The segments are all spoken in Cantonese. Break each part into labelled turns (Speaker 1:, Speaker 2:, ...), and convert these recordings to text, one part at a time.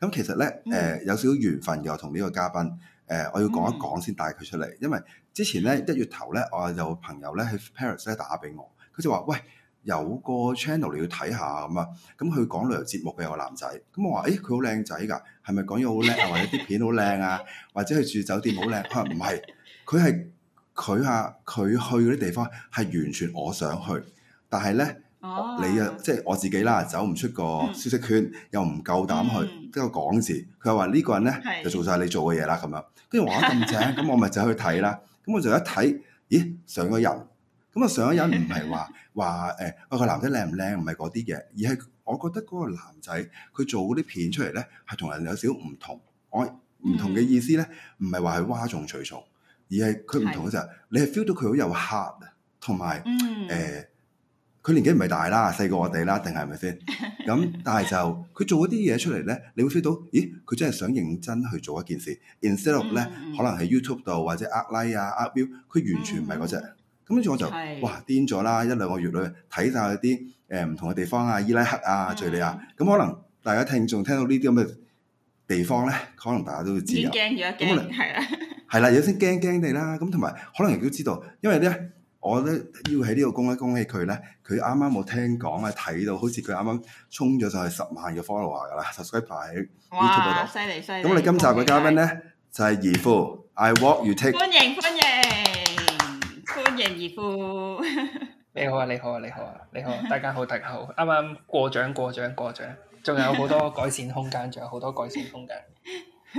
Speaker 1: 咁其實咧，誒、呃、有少少緣分嘅，同呢個嘉賓，誒我要講一講先帶佢出嚟，嗯、因為之前咧一月頭咧，我有朋友咧喺 Paris 咧打俾我，佢就話，喂，有個 channel 你要睇下咁啊！咁佢講旅遊節目嘅個男我、欸、仔，咁我話，誒佢好靚仔㗎，係咪講嘢好叻啊？或者啲片好靚啊？ 或者佢住酒店好靚？佢話唔係，佢係佢啊，佢、啊、去嗰啲地方係完全我想去，但係咧。你啊，即係我自己啦，走唔出個消息圈，嗯、又唔夠膽去，跟住講字，佢又話呢個人咧是就做晒你做嘅嘢啦咁樣，跟住話得咁正，咁我咪就去睇啦。咁我就一睇，咦，上個人，咁啊上個人唔係話話誒，個男仔靚唔靚唔係嗰啲嘢，而係我覺得嗰個男仔佢做嗰啲片出嚟咧，係同人有少少唔同。我唔同嘅意思咧，唔係話係嘩眾取寵，而係佢唔同嘅就係你係 feel 到佢好有 heart 同埋誒。佢年紀唔係大啦，細過我哋啦，定係咪先？咁但係就佢做嗰啲嘢出嚟呢，你會 feel 到，咦？佢真係想認真去做一件事。instead of 呢，可能喺 YouTube 度或者 up like 啊，up view，佢完全唔係嗰隻。咁跟住我就是哇癲咗啦！一兩個月裏睇晒曬啲誒唔同嘅地方啊，伊拉克啊、敍利、嗯、亞。咁可能大家聽眾聽到呢啲咁嘅地方呢，可能大家都會知。已經
Speaker 2: 驚咗一驚，係啦，
Speaker 1: 係 啦，有啲驚驚地啦。咁同埋可能亦都知道，因為呢。我咧要喺呢度恭一恭喜佢咧，佢啱啱冇聽講咧睇到，好似佢啱啱沖咗就係十萬嘅 follower 噶啦，subscribe 喺 YouTube 度。哇！犀
Speaker 2: 利犀！咁我哋今集嘅嘉賓
Speaker 1: 咧就係怡富，I walk you take。
Speaker 2: 歡迎歡迎歡迎怡富！
Speaker 3: 你好啊你好啊你好啊你好，大家好大家好，啱啱過獎過獎過獎，仲有好多改善空間，仲有好多改善空間。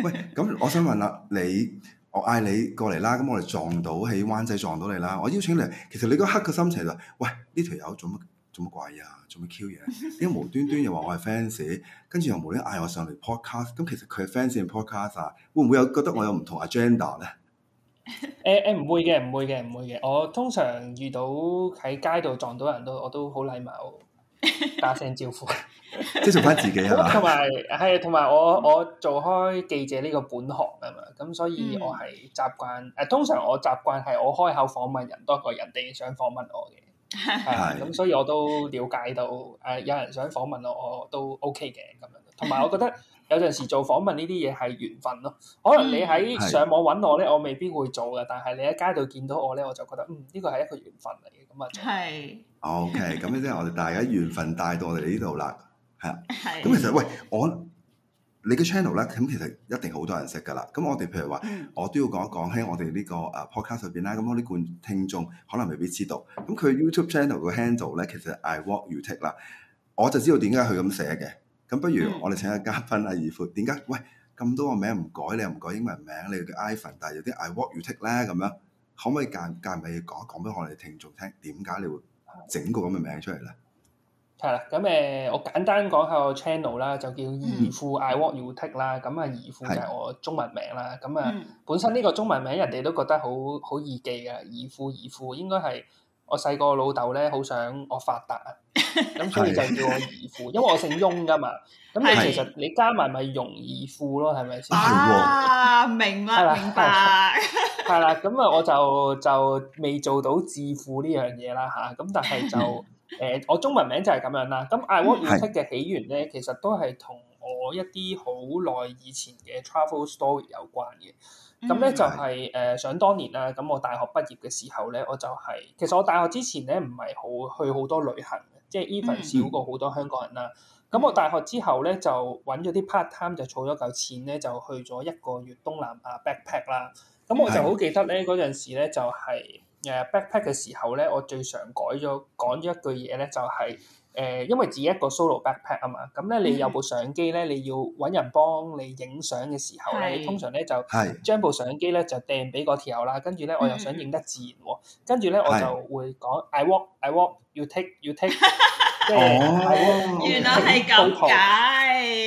Speaker 1: 喂，咁我想問啦，你？我嗌你過嚟啦，咁我哋撞到喺灣仔撞到你啦。我邀請你，其實你嗰刻嘅心情就係、是，喂呢條友做乜做乜鬼啊？做乜 Q 嘢？點解無端端又話我係 fans，跟住又無端嗌我上嚟 podcast？咁其實佢係 fans 嘅 podcast 啊，會唔會有覺得我有唔同 agenda 咧？
Speaker 3: 誒誒唔會嘅，唔會嘅，唔會嘅。我通常遇到喺街度撞到人都，我都好禮貌。 打聲招呼，即
Speaker 4: 係做翻自己係，同
Speaker 3: 埋係同埋我我做開記者呢個本行啊嘛，咁所以我係習慣誒，通常我習慣係我開口訪問人多過人哋想訪問我嘅，係咁 所以我都了解到誒、啊，有人想訪問我我都 OK 嘅咁樣，同埋我覺得。 有陣時做訪問呢啲嘢係緣分咯，可能你喺上網揾我呢，嗯、我未必會做嘅，但係你喺街度見到我呢，我就覺得嗯呢個係一個緣分
Speaker 1: 嚟嘅咁啊。係是。OK，咁即係我哋大家緣分帶到我哋呢度啦，係啊
Speaker 2: 是。
Speaker 4: 咁其實喂，
Speaker 1: 我你嘅 channel 呢，咁其實一定好多人識㗎啦。咁我哋譬如話，我都要講一講喺我哋呢個誒 podcast 入邊啦。咁我啲觀聽眾可能未必知道。咁佢 YouTube channel 嘅 handle 呢，其實 I walk you take 啦，我就知道點解佢咁寫嘅。咁不如我哋請下嘉賓啊，怡富點解？喂，咁多個名唔改，你又唔改英文名？你叫 Ivan 但係有啲 iwalkutake 咧，咁樣可唔可以介介唔係嘢講一講俾我哋聽眾聽？點解你會整個咁嘅名出嚟咧？
Speaker 3: 係啦，咁誒，我簡單講下個 channel 啦，就叫怡富 iwalkutake 啦。咁啊，怡富就係我中文名啦。咁啊，本身呢個中文名人哋都覺得好好易記啊，怡富怡富應該係。我細個老豆咧，好想我發達，咁
Speaker 2: 所以就叫我
Speaker 3: 怡富， 因為我姓翁噶嘛。咁你其實你加埋咪容易富咯，係咪先？啊， 明啦，明白。係 啦，咁啊，我就就未做到致富呢樣嘢啦嚇。咁、啊、但係就誒、呃，我中文名就係咁樣啦。咁 iwalkutake 嘅起源咧，其實都係同我一啲好耐以前嘅 travel story 有關嘅。咁咧、嗯、就係、是、誒、呃，想當年啦。咁我大學畢業嘅時候咧，我就係、是、其實我大學之前咧唔係好去好多旅行，即係 even 少過好多香港人啦。咁、嗯、我大學之後咧就揾咗啲 part time 就儲咗嚿錢咧，就去咗一個月東南亞 backpack 啦。咁我就好記得咧，嗰陣時咧就係誒 backpack 嘅時候咧、就是，我最常改咗講咗一句嘢咧就係、是。誒，因為自己一個 solo backpack 啊嘛，咁咧你有部相機咧，你要揾人幫你影相嘅時候咧，是你通常咧就將部相機咧就掟俾個條友啦，跟住咧我又想影得自然喎，跟住咧是我就會講 I walk I walk，you take you take，原來係咁解。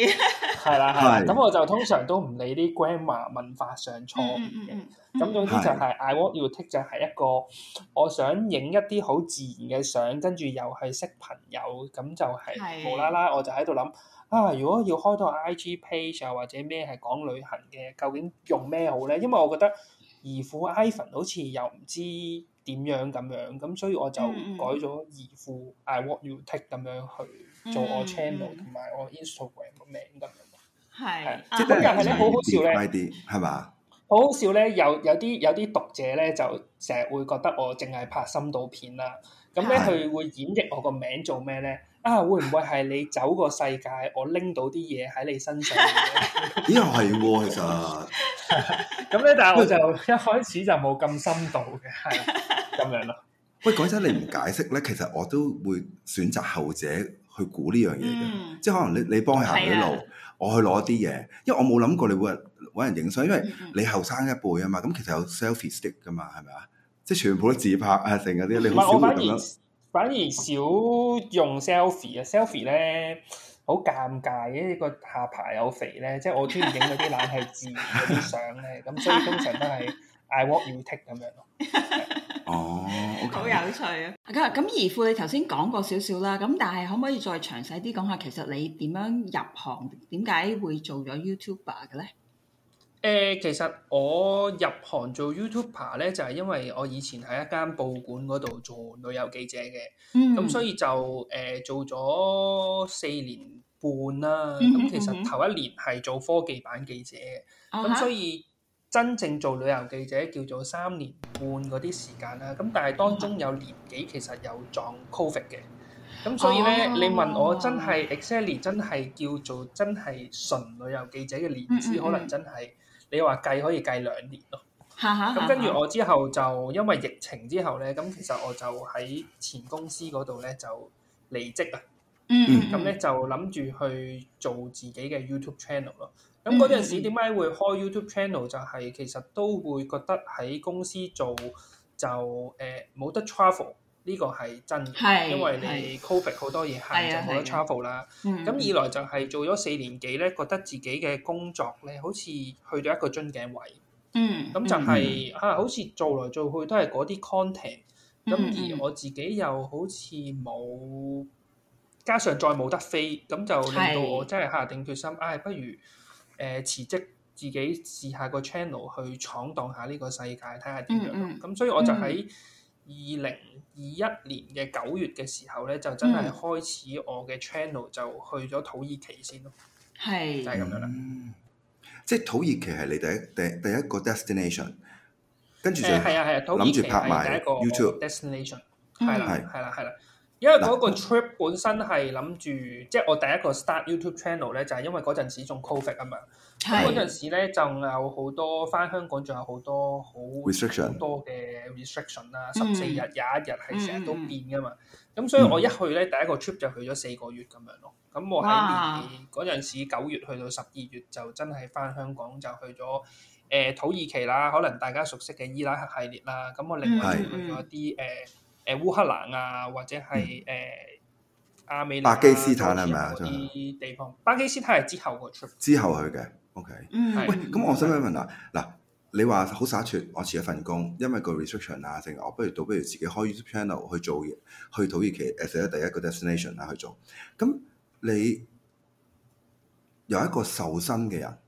Speaker 3: 係啦，係啦 我就通常都唔理啲 grammar 文化上錯誤嘅，咁、嗯嗯、總之就係、是、iwalkutake 就係一個我想影一啲好自然嘅相，跟住又係識朋友，咁就係、是、的無啦啦我就喺度諗啊，如果要開多 IG page 啊或者咩係講旅行嘅，究竟用咩好咧？因為我覺得怡富 Ivan 好似又唔知點樣咁樣，咁所以我就改咗怡富 iwalkutake 咁樣去。做我 channel 同埋我 Instagram 個名咁、mm hmm. 樣，係是，只不過又係咧，好好笑
Speaker 1: 咧，係嘛？好
Speaker 3: 好笑咧，有有啲有啲讀者咧，就成日會覺得我淨係拍深度片啦。咁咧，佢會演繹我個名做咩咧？的啊，會唔會係你走個世界， 我拎到啲嘢喺你身上？
Speaker 1: 咦，又係喎，其實
Speaker 3: 咁咧，但係我就一開始就冇咁深度嘅，係咁樣咯。 喂，講真，
Speaker 1: 你唔解釋咧，其實我都會選擇後者。去估呢樣嘢嘅，嗯、即係可能你你幫佢行吓路，啊、我去攞啲嘢，因為我冇諗過你會揾人影相，因為你後生一輩啊嘛，咁其實有 selfie stick 噶嘛，係咪啊？即係全部都自拍啊，成嗰啲你好少咁樣，唔
Speaker 3: 係我反而反而少用 selfie 啊 ，selfie 咧好尷尬嘅，你、這個下扒有肥咧，即係我中意影嗰啲冷氣自然嗰啲相咧，咁 所以通常都係。 I walk you take 咁樣咯。哦，好有
Speaker 2: 趣 啊！咁咁，怡富你頭先講過少少啦，咁但係可唔可以再詳細啲講下？其實你點樣入行？點解會做咗 YouTuber 嘅咧？
Speaker 3: 誒，其實我入行做 YouTuber 咧，就係、是、因為我以前喺一間報館嗰度做旅遊記者嘅。Mm hmm. 嗯。咁所以就誒、呃、做咗四年半啦。Mm hmm. 嗯。咁其實頭一年係做科技版記者。咁所以。真正做旅遊記者叫做三年半嗰啲時間啦，咁但係當中有年幾其實有撞 COVID 嘅，咁、mm hmm. 所以咧、oh, 你問我 oh, oh, oh, oh. 真係 exactly 真係叫做真係純旅遊記者嘅年資，mm hmm. 可能真係你話計可以計兩年咯。
Speaker 4: 咁跟住我
Speaker 3: 之後就因為疫情之後咧，咁其實我就喺前公司嗰度咧就離職啊。咁咧、mm hmm. 嗯、就諗住去做自己嘅 YouTube channel 咯。咁嗰陣時點解會開 YouTube channel？就係其實都會覺得喺公司做就誒冇得 travel，呢個係真，是因為你 Covid 好的多嘢係就冇得 travel 啦。咁二、嗯、來就係做咗四年幾咧，覺得自己嘅工作咧，好似去咗一個樽頸位。嗯，咁就係、是嗯、啊，好似做來做去都係嗰啲 content、嗯。咁而我自己又好似冇，加上再冇得飛，咁就令到我真係下定決心，唉、啊，不如～誒辭、呃、職，自己試下個 channel 去闖蕩下呢個世界，睇下點樣咁、嗯嗯、所以我就喺二零二一年嘅九月嘅時候咧，就真係開始我嘅 channel 就去咗土耳其先咯。係、嗯、就係咁樣
Speaker 1: 啦、嗯。即係土耳其係你第一第一第一個 destination，跟住就諗住拍埋第一個 YouTube
Speaker 3: destination。嗯，係係啦係啦。因為嗰個 trip 本身係諗住，即係我第一個 start YouTube channel 咧，就係、是、因為嗰陣時仲 covid 啊嘛。咁嗰陣時咧就有好多翻香港，仲有好多好多嘅 restriction 啦，十四日廿一日係成日都變噶嘛。咁、嗯、所以我一去咧，第一個 trip 就去咗四個月咁樣咯。咁我喺年嗰陣哇時九月去到十二月就，就真係翻香港就去咗誒、呃、土耳其啦，可能大家熟悉嘅伊拉克系列啦。咁我另外去咗一啲誒。是呃誒烏、呃、克蘭啊，或者係誒、呃、
Speaker 1: 亞美尼亞、巴基斯坦係咪啊？地方，巴基斯
Speaker 3: 坦係之後個 trip
Speaker 1: 之後去嘅，OK 嗯。嗯。
Speaker 3: 嗯喂，咁我
Speaker 1: 想問問啊，嗱、嗯，你話好灑脱，我辭咗份工，因為個 retirement 啊，成日我不如倒不如自己開 YouTube channel 去做嘢，去土耳其誒，成日第一個 destination 啦去做。咁你由一個受薪嘅人，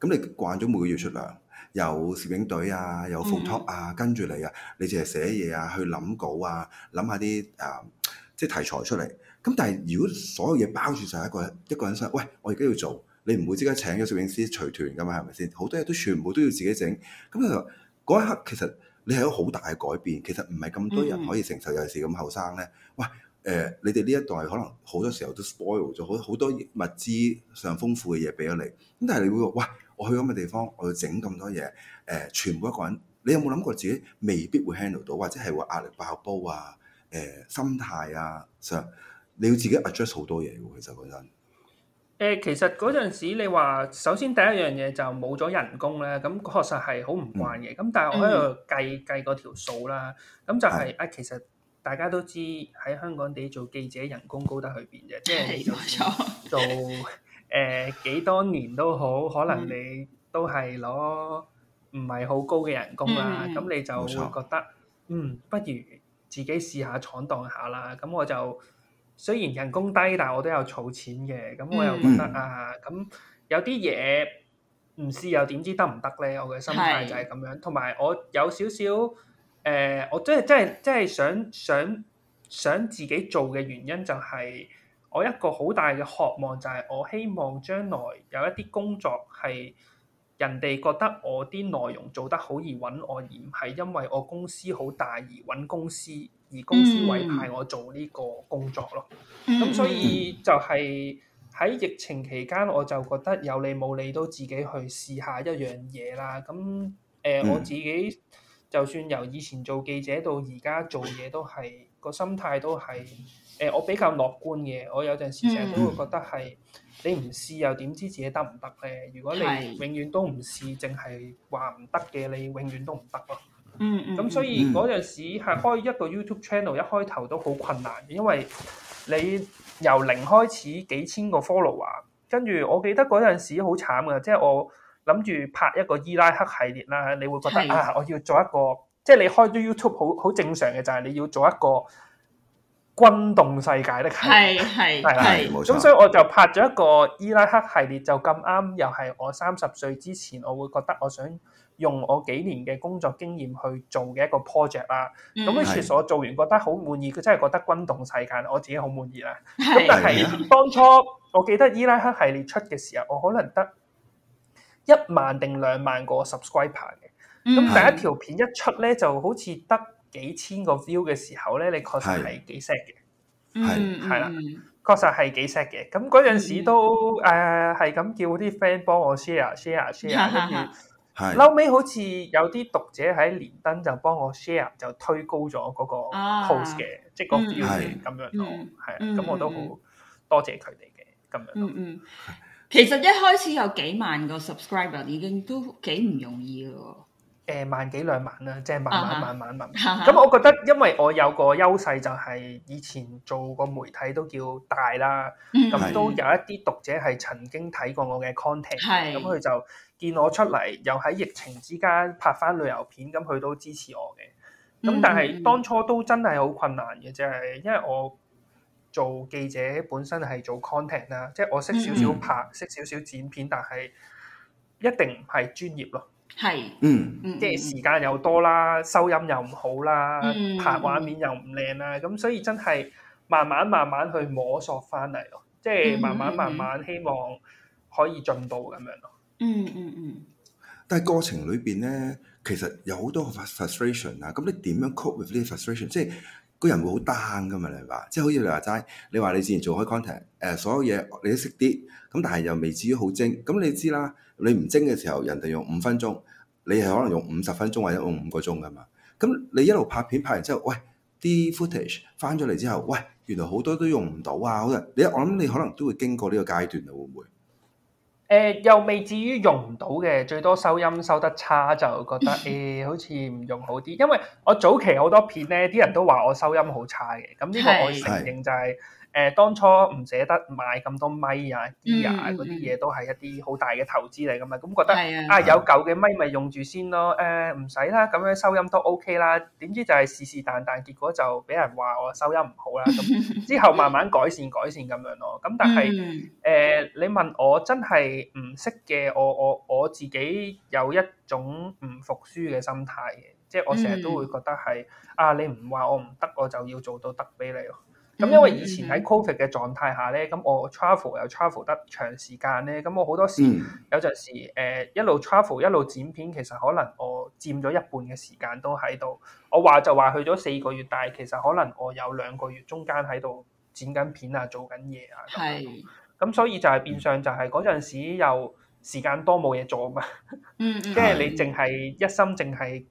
Speaker 1: 咁你慣咗每個月出糧有攝影隊啊，有 p 托啊，跟住你啊，你淨係寫嘢啊，去諗稿啊，諗下啲誒，即係題材出嚟。咁但係，如果所有嘢包住晒係一個一個人身，喂，我而家要做，你唔會即刻請個攝影師隨團噶嘛？係咪先？好多嘢都全部都要自己整。咁啊，嗰一刻其實你係一個好大嘅改變。其實唔係咁多人可以承受，有、嗯、其是咁後生咧。喂，誒、呃，你哋呢一代可能好多時候都 s p o i l 咗，好好多物資上豐富嘅嘢俾咗你。咁但係你會話，喂。我去咁嘅地方，我要整咁多嘢，誒、呃，全部一個人，你有冇諗過自己未必會 handle 到，或者係會壓力爆煲啊？
Speaker 3: 誒、呃，心態啊，你
Speaker 1: 要自己 address 好多嘢喎，其實嗰陣。
Speaker 3: 其實嗰陣時你話，首先第一樣嘢就冇咗人工咧，咁確實係好唔慣嘅。咁、嗯、但係我喺度計、嗯、計嗰條數啦，咁就係、是、的啊，其實大家都知喺香港地做記者人工高得去邊啫，即、就、係、是、做做。 誒、呃、幾多年都好，可能你都係攞唔係好高嘅人工啦，咁、嗯、你就覺得，錯嗯，不如自己試下闖蕩下啦。咁我就雖然人工低，但係我都有儲錢嘅，咁我又覺得、嗯、啊，咁有啲嘢唔試又點知得唔得咧？我嘅心態就係咁樣。同埋是我有少少誒、呃，我真係真係真係想想想，想自己做嘅原因就係、是。我一個好大嘅渴望就係，我希望將來有一啲工作係人哋覺得我啲內容做得好而揾我，而唔係因為我公司好大而揾公司，而公司委派我做呢個工作咯。咁所以就係喺疫情期間，我就覺得有理冇理都自己去試下一樣嘢啦。咁誒、呃，我自己就算由以前做記者到而家做嘢，都、那、係個心態都係。誒、呃，我比較樂觀嘅，我有陣時成日都會覺得係、嗯、你唔試又點知自己得唔得咧？如果你永遠都唔試，淨係話唔得嘅，你永遠都唔得咯。嗯嗯。
Speaker 4: 咁所以嗰陣
Speaker 3: 時係、嗯、開一個 YouTube channel，一開頭都好困難，因為你由零開始幾千個 follower，跟住我記得嗰陣時好慘嘅，即、就、係、是、我諗住拍一個伊拉克系列啦，你會覺得的啊，我要做一個，即係你開咗 YouTube 好好正常嘅，就係、是、你要做一個。轟動世界的係係係，咁所以我就拍咗一個伊拉克系列，就咁啱又係我三十歲之前，我會覺得我想用我幾年嘅工作經驗去做嘅一個 project 啦。咁其實我做完覺得好滿意，佢真係覺得轟動世界我自己好滿意啦。咁但係、啊、當初我記得伊拉克系列出嘅時候，我可能得一萬定兩萬個 subscriber 嘅。咁第一條片一出咧，就好似得，幾千個 view 嘅時候咧，你確實係幾 sad 嘅，
Speaker 4: 係係
Speaker 3: 啦，確實係幾 sad 嘅。咁嗰陣時都誒，係咁叫啲 friend 幫我 share share share，跟住，後尾好似有啲讀者喺連登就幫我 share，就推高咗嗰個 post 嘅，即係個 view 嘅咁樣咯，係啊，咁我都好多謝佢哋嘅咁樣咯。
Speaker 4: 嗯，
Speaker 3: 其實一開始有幾萬個 subscriber 已經都幾唔容易嘅喎。誒、呃、萬幾兩萬啦、啊，即係慢，慢慢慢慢慢。咁、uh huh. 我覺得，因為我有個優勢就係以前做個媒體都叫大啦，咁、mm hmm. 都有一啲讀者係曾經睇過我嘅 content，咁佢、mm hmm. 就見我出嚟，又喺疫情之間拍翻旅遊片，咁佢都支持我嘅。
Speaker 5: 咁但係
Speaker 3: 當初都真係好困難嘅，即係因為我做記者本身係做 content 啦、mm，即、hmm. 係我識少少拍，識、mm hmm. 少少剪片，但係一定唔係專業咯。係，是嗯，即係時間又多啦，收音又唔好啦，嗯、拍畫面又唔靚啦，咁、嗯、所以真係慢慢慢慢去摸索翻嚟咯，嗯、即係慢慢慢慢希望可以進步咁樣咯、嗯。嗯
Speaker 1: 嗯嗯。但係過程裏邊咧，其實有好多 frustration 啊，咁你點樣 cope with 呢個 frustration？即係。個人會好 down 噶嘛？就是、你話，即係好似你話齋，你話你之前做開 content，誒所有嘢你都識啲，咁但係又未至於好精。咁你知啦，你唔精嘅時候，人哋用五分鐘，你係可能用五十分鐘或者用五個鐘噶嘛。咁你一路拍片拍完之後，喂，啲 footage 翻咗嚟之後，喂，原來好多都用唔到啊！好啊，你我諗你可能都會經過呢個階段啊，會唔
Speaker 3: 會？誒、呃、又未至於用唔到嘅，最多收音收得差就覺得誒、呃、好似唔用好啲，因為我早期好多片咧，啲人都話我收音好差嘅，咁呢個我承認就係、是。誒、呃，當初唔捨得買咁多咪啊、耳、嗯、啊啲嘢，都係一啲好大嘅投資嚟噶嘛。咁、嗯、覺得、嗯、啊，有舊嘅咪咪用住先咯。誒、呃，唔使啦，咁樣收音都 OK 啦。點知就係是是但但，結果就俾人話我收音唔好啦。咁、嗯、 之後慢慢改善改善咁樣咯。咁、嗯嗯、但係誒、呃，你問我真係唔識嘅，我我我自己有一種唔服輸嘅心態嘅，即係我成日都會覺得係啊，你唔話我唔得，我就要做到得俾你。咁、嗯嗯、因為以前喺 Covid 嘅狀態下咧，咁我 travel 又 travel 得長時間咧，咁我好多時、嗯、有陣時誒、呃、一路 travel 一路剪片，其實可能我佔咗一半嘅時間都喺度。我話就話去咗四個月，但係其實可能我有兩個月中間喺度剪緊片啊，做緊嘢啊。係。咁是所以就係變相就係嗰陣時又時間多冇嘢做啊嘛。嗯即係你淨係一心淨係。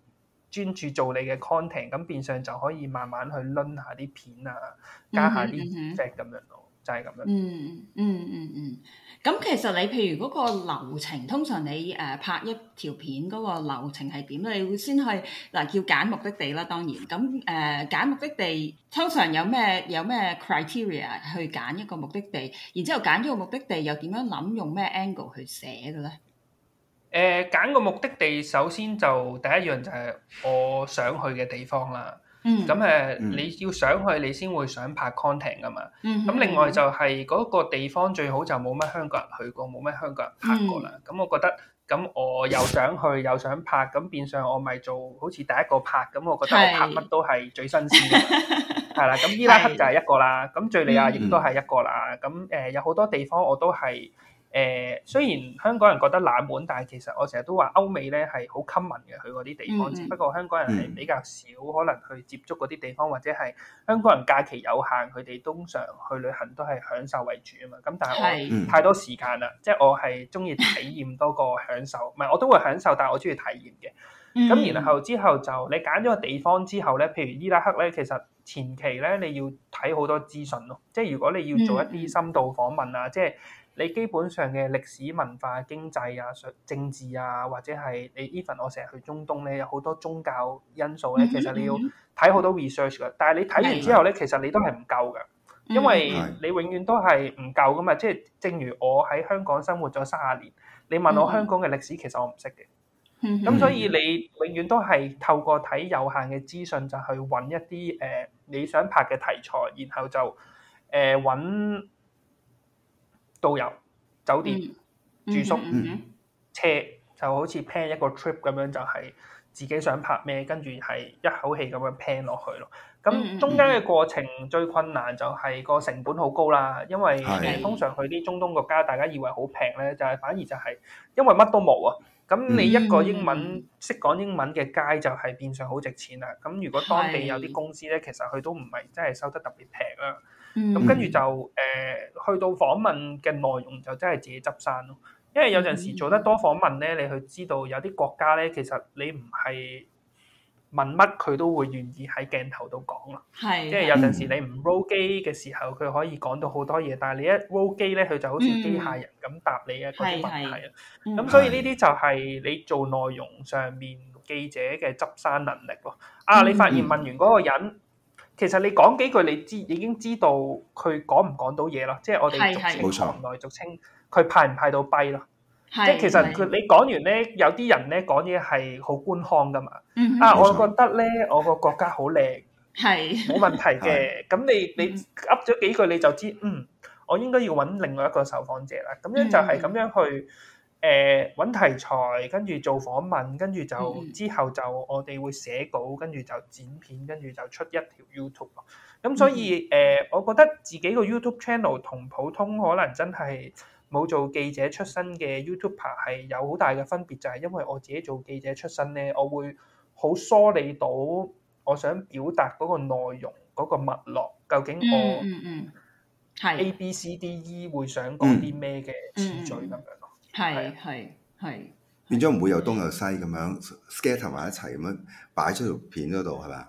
Speaker 3: 專注做你嘅 content，咁變相就可以慢慢去揾下啲片啊，加下啲 fact 咁樣咯，就係咁樣。嗯嗯嗯嗯
Speaker 2: 嗯。咁其實你譬如嗰個流程，通常你誒拍一條片嗰個流程係點咧？你會先去嗱，叫揀目的地啦，當然。咁誒揀目的地通常有咩有咩 criteria 去揀一個目的地？然之後揀咗個目的地又點樣諗用咩 angle 去寫嘅咧？
Speaker 3: 誒揀個目的地，首先就第一樣就係我想去嘅地方啦。嗯，咁誒你要想去，你先會想拍 content 噶嘛。嗯，咁另外就係嗰個地方最好就冇乜香港人去過，冇乜香港人拍過啦。咁我覺得，咁我又想去，又想拍，咁變相我咪做好似第一個拍。咁我覺得我拍乜都係最新鮮㗎。係啦，咁伊拉克就係一個啦，咁敍利亞亦都係一個啦。咁誒有好多地方我都係。誒、呃，雖然香港人覺得冷門，但係其實我成日都話歐美咧係好 common 嘅，佢嗰啲地方。嗯、不過香港人係比較少、嗯、可能去接觸嗰啲地方，或者係香港人假期有限，佢哋通常去旅行都係享受為主啊嘛。咁但係我太多時間啦，即係我係中意體驗多過享受。唔係，我都會享受，但係我中意體驗嘅。咁、嗯、然後之後就你揀咗個地方之後咧，譬如伊拉克咧，其實前期咧你要睇好多資訊咯，即係如果你要做一啲深度訪問啊，即係。你基本上嘅歷史文化、經濟啊、上政治啊，或者係你 even 我成日去中東咧，有好多宗教因素咧，其實你要睇好多 research 噶。但係你睇完之後咧，其實你都係唔夠噶，因為你永遠都係唔夠噶嘛。即係正如我喺香港生活咗三廿年，你問我香港嘅歷史，其實我唔識嘅。
Speaker 4: 咁所以
Speaker 3: 你永遠都係透過睇有限嘅資訊，就去揾一啲誒、呃、你想拍嘅題材，然後就誒揾。呃都有酒店、嗯、住宿、嗯
Speaker 4: 嗯、
Speaker 3: 車，就好似 plan 一個 trip 咁樣，就係自己想拍咩，跟住係一口氣咁樣 plan 落去咯。咁中間嘅過程、嗯、最困難就係個成本好高啦，因為通常去啲中東國家，大家以為好平咧，就係、是、反而就係因為乜都冇啊。咁你一個英文識講、嗯、英文嘅街就係變相好值錢啦。咁如果當地有啲公司咧，其實佢都唔係真係收得特別平啦。咁、嗯、跟住就誒、呃，去到訪問嘅內容就真係自己執生咯。因為有陣時做得多訪問咧，你去知道有啲國家咧，其實你唔係問乜佢都會願意喺鏡頭度講啦。
Speaker 4: 係是，即係有陣時
Speaker 3: 你唔 roll 機嘅時候，佢可以講到好多嘢。但係你一 roll 機咧，佢就好似機械人咁答你嘅嗰啲問題啊。咁所以呢啲就係你做內容上面記者嘅執生能力咯。啊，你發現問完嗰個人。其實你講幾句，你知已經知道佢講唔講到嘢咯，即係我哋俗稱，內是是 俗稱佢派唔派到弊咯。是是即係其實你講完咧，有啲人咧講嘢係好官腔㗎嘛。是是啊，我覺得咧，我個國家好靚，係冇是是 問題嘅。咁是是 你你噏咗幾句你就知，嗯，我應該要揾另外一個受訪者啦。咁樣就係咁樣去。誒揾、呃、題材，跟住做訪問，跟住就之後就我哋會寫稿，跟住就剪片，跟住就出一條 YouTube。咁、嗯嗯、所以誒、呃，我覺得自己個 YouTube channel 同普通可能真係冇做記者出身嘅 YouTuber 係有好大嘅分別，就係、是、因為我自己做記者出身咧，我會好梳理到我想表達嗰個內容嗰、那個脈絡，究竟我嗯嗯嗯 A B C D E 會想講啲咩嘅詞序？咁樣、嗯。嗯係係
Speaker 1: 係，變咗唔會又東又西咁樣 scatter 埋一齊咁樣擺出條片嗰度係嘛？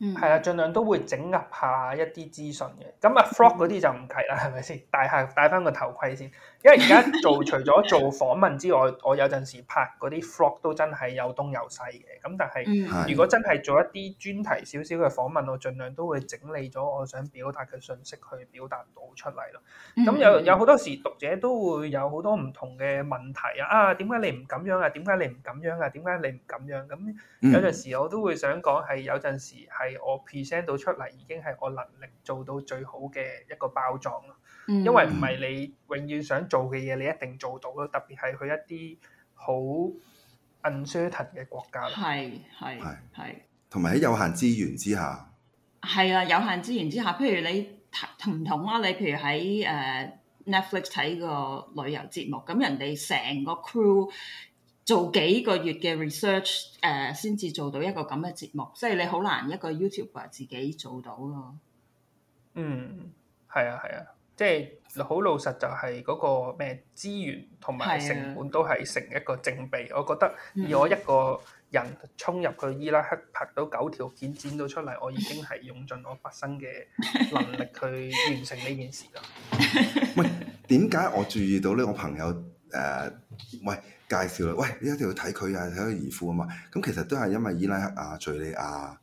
Speaker 1: 嗯，
Speaker 3: 係啊，儘量都會整合下一啲資訊嘅。咁啊，flock 嗰啲就唔計啦，係咪先？戴下戴翻個頭盔先。 因為而家做除咗做訪問之外，我有陣時拍嗰啲 flog 都真係有東有西嘅。咁但係如果真係做一啲專題少少嘅訪問，我盡量都會整理咗我想表達嘅信息去表達到出嚟咯。咁有有好多時讀者都會有好多唔同嘅問題啊！啊，點解你唔咁樣啊？點解你唔咁樣啊？點解你唔咁樣啊？咁有陣時我都會想講係有陣時係我 present 到出嚟已經係我能力做到最好嘅一個包裝啦。因為唔係你永遠想做嘅嘢，你一定做到咯。特別係去一啲好 uncertain 嘅國家啦，係係係，
Speaker 2: 同埋喺
Speaker 1: 有限資源之下
Speaker 3: 係啊。有限資源
Speaker 2: 之下，譬如你唔同啦，你譬如喺誒、uh, Netflix 睇個旅遊節目，咁人哋成個 crew 做幾個月嘅 research 誒、
Speaker 3: uh，先至做到一個咁嘅節目，即係你好難一個 YouTuber 自己做到咯。嗯，係啊，係啊。即係好老實、就是，就係嗰個咩資源同埋成本都係成一個正比。的我覺得以我一個人衝、嗯、入去伊拉克拍到九條片剪到出嚟，我已經係用盡我畢生嘅能力去完成呢件事啦。
Speaker 1: 點解 我注意到呢？我朋友誒喂介紹啦，喂你一定要睇佢啊，睇個怡富啊嘛。咁其實都係因為伊拉克啊、敍利亞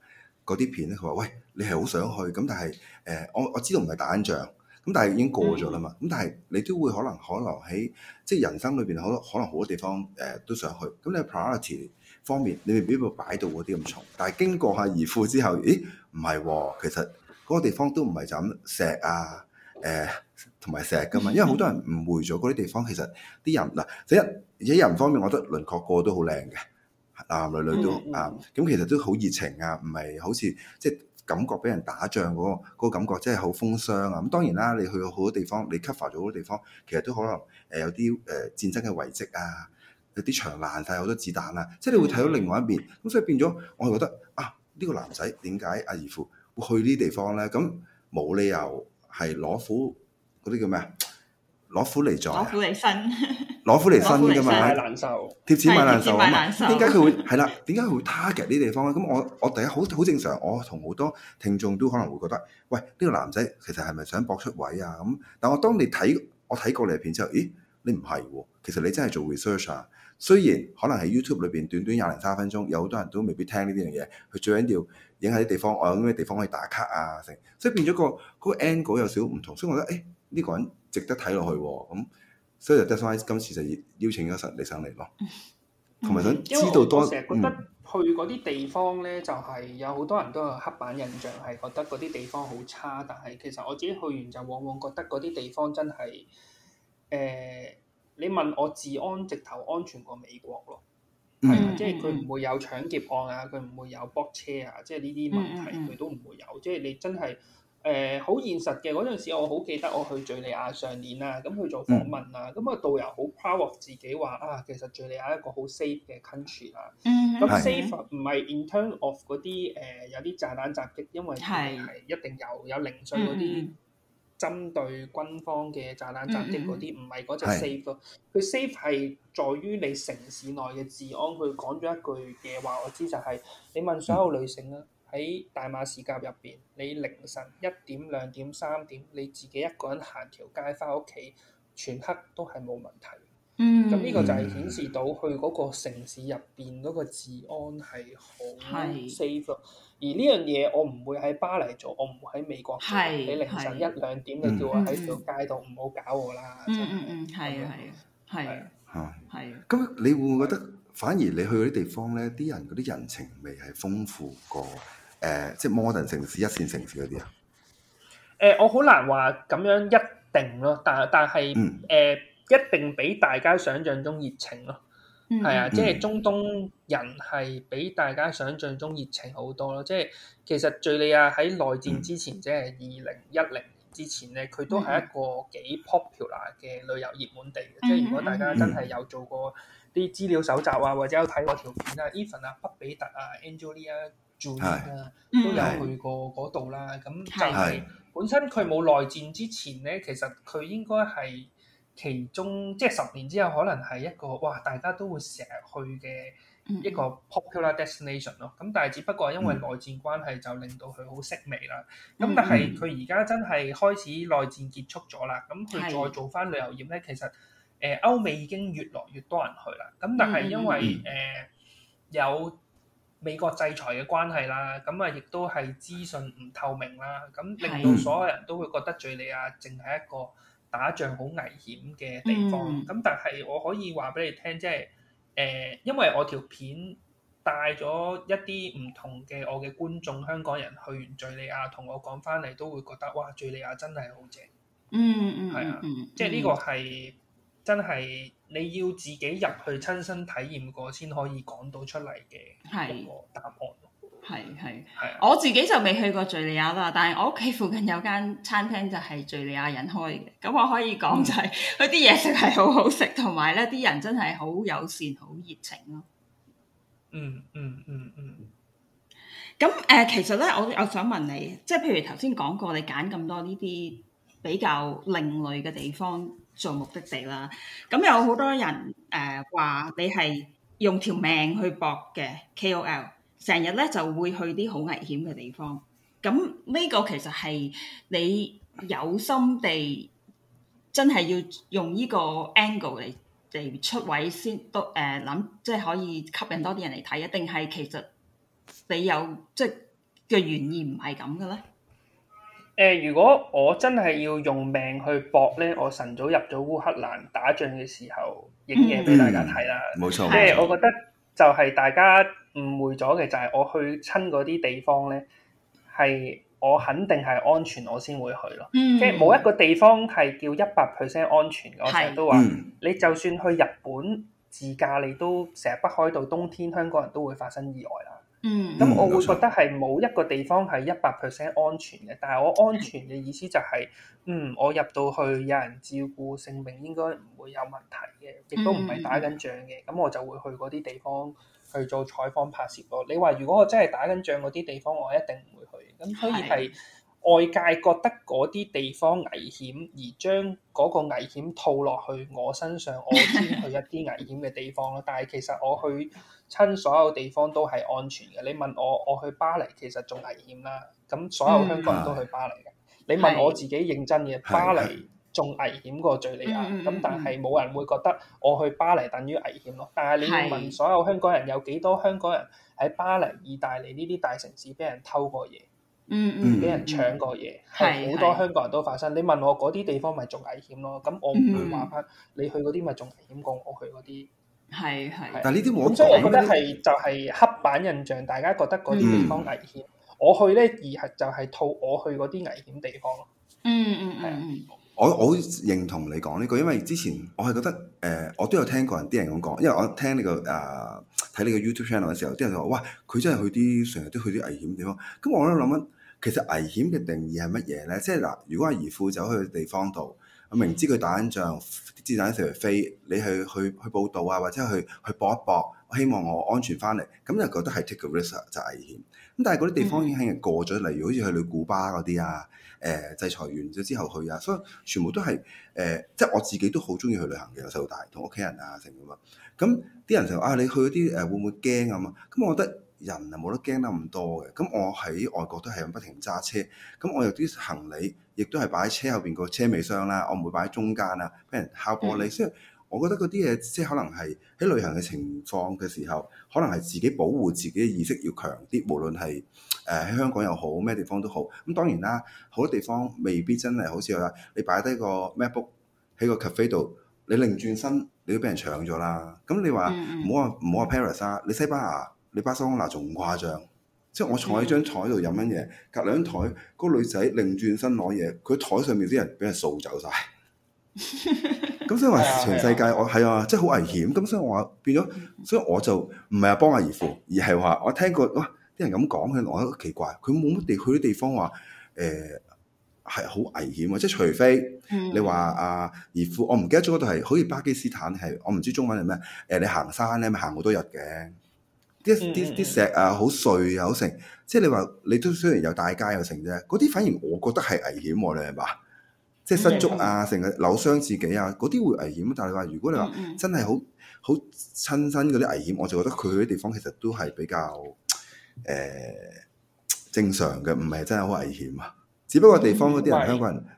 Speaker 1: 嗰啲片咧。佢話喂，你係好想去咁，但係誒、呃、我我知道唔係打緊仗。咁但係已經過咗啦嘛，咁但係你都會可能可能喺即係人生裏邊，好多可能好多地方誒都想去。咁你 priority 方面，你未必會擺到嗰啲咁重。但係經過下怡富之後，咦唔係喎，其實嗰個地方都唔係就咁石啊誒同埋石㗎嘛。因為好多人誤會咗嗰啲地方，其實啲人嗱第一而且人方面，我覺得輪廓個個都好靚嘅，男男女女都啊，咁、嗯嗯、其實都好熱情啊，唔係好似即係。就是感覺俾人打仗嗰、嗰個感覺真係好風霜啊！咁當然啦，你去過好多地方，你 cover 咗好多地方，其實都可能誒有啲誒戰爭嘅遺跡啊，有啲牆爛晒好多子彈啊，即係你會睇到另外一面。咁、嗯、所以變咗，我係覺得啊，呢、呢個男仔點解阿怡富會去呢啲地方咧？咁冇理由係攞苦嗰啲叫咩啊？攞苦嚟辛。攞
Speaker 2: 苦嚟辛。攞苦嚟辛噶嘛，貼錢買難受。貼錢買難受。點解佢會
Speaker 1: 係啦？點解佢會 target 呢啲地方咧？咁我我第一好好正常，我同好多聽眾都可能會覺得，喂，呢、這個男仔其實係咪想搏出位啊？咁但我當你睇我睇過你嘅片之後，咦，你唔係喎？其實你真係做 research 啊。雖然可能喺 YouTube 裏邊短短廿零三十分鐘，有好多人都未必聽呢啲樣嘢。佢最緊要影喺啲地方，我、哦、有咩地方可以打卡啊，成即係變咗、那個嗰、那個 angle 嗰有少唔同，所以我覺得，誒、欸、呢、這個人值得睇落去喎、啊、咁。所以就 design 今次就邀請咗你上嚟咯，同埋想知道多。我成日覺得
Speaker 3: 去嗰啲地方咧，嗯、就係有好多人都有黑板印象，係覺得嗰啲地方好差。但係其實我自己去完就往往覺得嗰啲地方真係，誒、呃，你問我治安直頭安全過美國咯，係啊，嗯嗯、即係佢唔會有搶劫案啊，佢唔會有駁車啊，即係呢啲問題佢都唔會有，嗯嗯嗯、即係你真係。誒好、呃、現實嘅嗰陣時，我好記得我去敍利亞上年啦，咁去做訪問啦，咁啊、嗯、導遊好 proud 自己話啊，其實敍利亞一個好 safe 嘅 country 啦。嗯。咁 safe 唔係 in terms of 嗰啲誒有啲炸彈襲擊，因為係一,一定有有零碎嗰啲針對軍方嘅炸彈襲擊嗰啲，唔係嗰隻 safe。佢 safe 係在於你城市內嘅治安。佢講咗一句嘢話，我知就係、是、你問所有女性啊。喺大馬士革入邊，你凌晨一點、兩點、三點，你自己一個人行條街翻屋企，全黑都係冇問題。嗯。咁呢個就係顯示到去嗰個城市入邊嗰個治安係好 safe 咯。是而呢樣嘢我唔會喺巴黎做，我唔會喺美國做。是你凌晨一兩點，你叫我喺條街度唔好搞我啦。嗯嗯是嗯，啊係啊，係啊。係啊。咁
Speaker 1: 你會唔會覺得反而你去嗰啲地方咧，啲人嗰啲人情味係豐富過？誒，即係 modern 城市、一線城市嗰啲啊！誒、
Speaker 3: 呃，我好難話咁樣一定咯，但係但係誒、嗯呃，一定比大家想象中熱情咯，
Speaker 4: 係、嗯、啊！即係
Speaker 3: 中東人係比大家想象中熱情好多咯，即係其實敍利亞喺內戰之前，嗯、即係二零一零年之前咧，佢都係一個幾 popular 嘅旅遊熱門地、嗯嗯、即係如果大家真係有做過啲資料搜集啊，或者有睇過條片啊，even 啊，北比特啊，Angelia。An 轉、嗯、都有去過嗰度啦。咁的就係本身佢冇內戰之前咧，其實佢應該係其中即係、就是、十年之後，可能係一個哇，大家都會成日去嘅一個 popular destination 咯、嗯。咁但係只不過係因為內戰關係，就令到佢好息微啦。咁、嗯、但係佢而家真係開始內戰結束咗啦。咁佢再做翻旅遊業咧，其實誒、呃、歐美已經越來越多人去啦。咁但係因為誒、嗯嗯呃、有。美國制裁嘅關係啦，咁啊亦都係資訊唔透明啦，咁令到所有人都會覺得敍利亞淨係一個打仗好危險嘅地方。咁、嗯、但係我可以話俾你聽，即係誒，因為我條片帶咗一啲唔同嘅我嘅觀眾，香港人去完敍利亞同我講翻嚟，都會覺得哇，敍利亞真係好正。嗯、
Speaker 4: 啊、嗯，係、嗯、啊，即係呢個
Speaker 3: 係真係。你要自己入去親身體驗過，先可以講到出嚟嘅個答案。係係係。是我
Speaker 2: 自己就未去過敍利亞啦，但係我屋企附近有間餐廳就係敍利亞人開嘅，咁我可以講就係佢啲嘢食係好好食，同埋咧啲人真係好友善、好熱情咯、嗯。嗯
Speaker 5: 嗯
Speaker 2: 嗯嗯。咁、嗯、誒、呃，其實咧，我我想問你，即、就、係、是、譬如頭先講過，你揀咁多呢啲比較另類嘅地方。做目的地啦，咁有好多人誒話、呃、你係用條命去搏嘅 KOL，成日咧就會去啲好危險嘅地方。咁呢個其實係你有心地真係要用呢個 angle 嚟嚟出位先都誒諗，即係可以吸引多啲人嚟睇，一定係其實你有即係嘅原意唔
Speaker 3: 係咁嘅咧。誒、呃，如果我真係要用命去搏咧，我晨早入咗烏克蘭打仗嘅時候影嘢俾大家睇啦。冇、嗯、錯，即係我覺得就係大家誤會咗嘅，就係我去親嗰啲地方咧，係我肯定係安全，我先會去咯。即係冇一個地方係叫一百 percent 安全。是我成日都話，嗯、你就算去日本自駕，你都成日不開到北海道冬天，香港人都會發生意外啦。嗯，咁我會覺得係冇一個地方係一百 percent 安全嘅，但係我安全嘅意思就係、
Speaker 4: 是， 嗯，我
Speaker 3: 入到去有人照顧性命，應該唔會有問題嘅，亦都唔係打緊仗嘅，咁 我就會去嗰啲地方去做採訪拍攝咯。你話如果我真係打緊仗嗰啲地方，我一定唔會去。咁所以係外界覺得嗰啲地方危險，而將嗰個危險套落去我身上，我先去一啲危險嘅地方咯。 但係其實我去親所有地方都係安全嘅，你問我我去巴黎其實仲危險啦。咁所有香港人都去巴黎嘅。你問我自己認真嘅，巴黎仲危險過敍利亞。咁但係冇人會覺得我去巴黎等於危險咯。但係你要問所有香港人，有幾多香港人喺巴黎、意大利呢啲大城市俾人偷過嘢，嗯嗯，俾人搶過嘢，係好多香港人都發生。你問我嗰啲地方咪仲危險咯？咁我唔會話翻，你去嗰啲咪仲危險過我去嗰啲。係係。咁所以我覺得係就係、是、黑板印象，大家覺得嗰啲地方危險。嗯、我去咧而係就係套我去嗰啲危險地方咯、
Speaker 1: 嗯。嗯嗯嗯嗯。的我我認同你講呢、這、句、個，因為之前我係覺得誒、呃，我都有聽過人啲人咁講，因為我聽呢個誒睇、呃、呢個 YouTube channel 嘅時候，啲人就話，哇，佢真係去啲成日都去啲危險地方。咁我咧諗緊，其實危險嘅定義係乜嘢咧？即係嗱，如果阿怡富走去地方度，我明知佢打緊仗。支彈成日飛，你去去去報道啊，或者去去搏一搏，我希望我安全翻嚟，咁又覺得係 take a risk、啊、就是、危險。咁但係嗰啲地方已經係過咗，例如好似去旅古巴嗰啲啊，誒、欸、制裁完咗之後去啊，所以全部都係誒，即、欸、係、就是、我自己都好中意去旅行嘅，細路大同屋企人啊，成咁啊。咁啲人就話啊，你去嗰啲誒會唔會驚啊？咁我覺得。人啊，冇得驚得咁多嘅。咁我喺外國都係咁不停揸車，咁我有啲行李亦都係擺喺車後邊個車尾箱啦，我唔會擺喺中間啦，俾人敲玻璃。嗯、所以，我覺得嗰啲嘢即係可能係喺旅行嘅情況嘅時候，可能係自己保護自己嘅意識要強啲。無論係誒喺香港又好，咩地方都好。咁當然啦，好多地方未必真係好似話你擺低個 MacBook 喺個 cafe 度，你擰轉身你都俾人搶咗啦。咁你話唔好話唔好話 Paris 啦，你西班牙。你巴沙拉仲誇張，即係我坐喺張台度飲緊嘢，嗯、隔兩台嗰、嗰個女仔轉身攞嘢，佢台上面啲人俾人掃走晒。咁所以話全世界 我係啊， 即係好危險。咁所以我話變咗，所以我就唔係話幫阿姨父，而係話我聽過哇，啲人咁講佢，我覺得奇怪。佢冇乜地去啲地方話誒係好危險啊，即係除非你話、啊、阿姨父，我唔記得咗嗰度係好似巴基斯坦係，我唔知中文係咩誒。你行山咧，咪行好多日嘅。啲啲啲石啊，好碎又好成，即係你話你都雖然有大街又成啫，嗰啲反而我覺得係危險、啊，你明嘛？
Speaker 5: 即係失足
Speaker 1: 啊，成日、嗯、扭傷自己啊，嗰啲會危險、啊。但係話如果你話真係好好親身嗰啲危險，我就覺得佢去啲地方其實都係比較誒、呃、正常嘅，唔係真係好危險啊。只不過地方嗰啲人香港人。
Speaker 3: 誒、嗯啊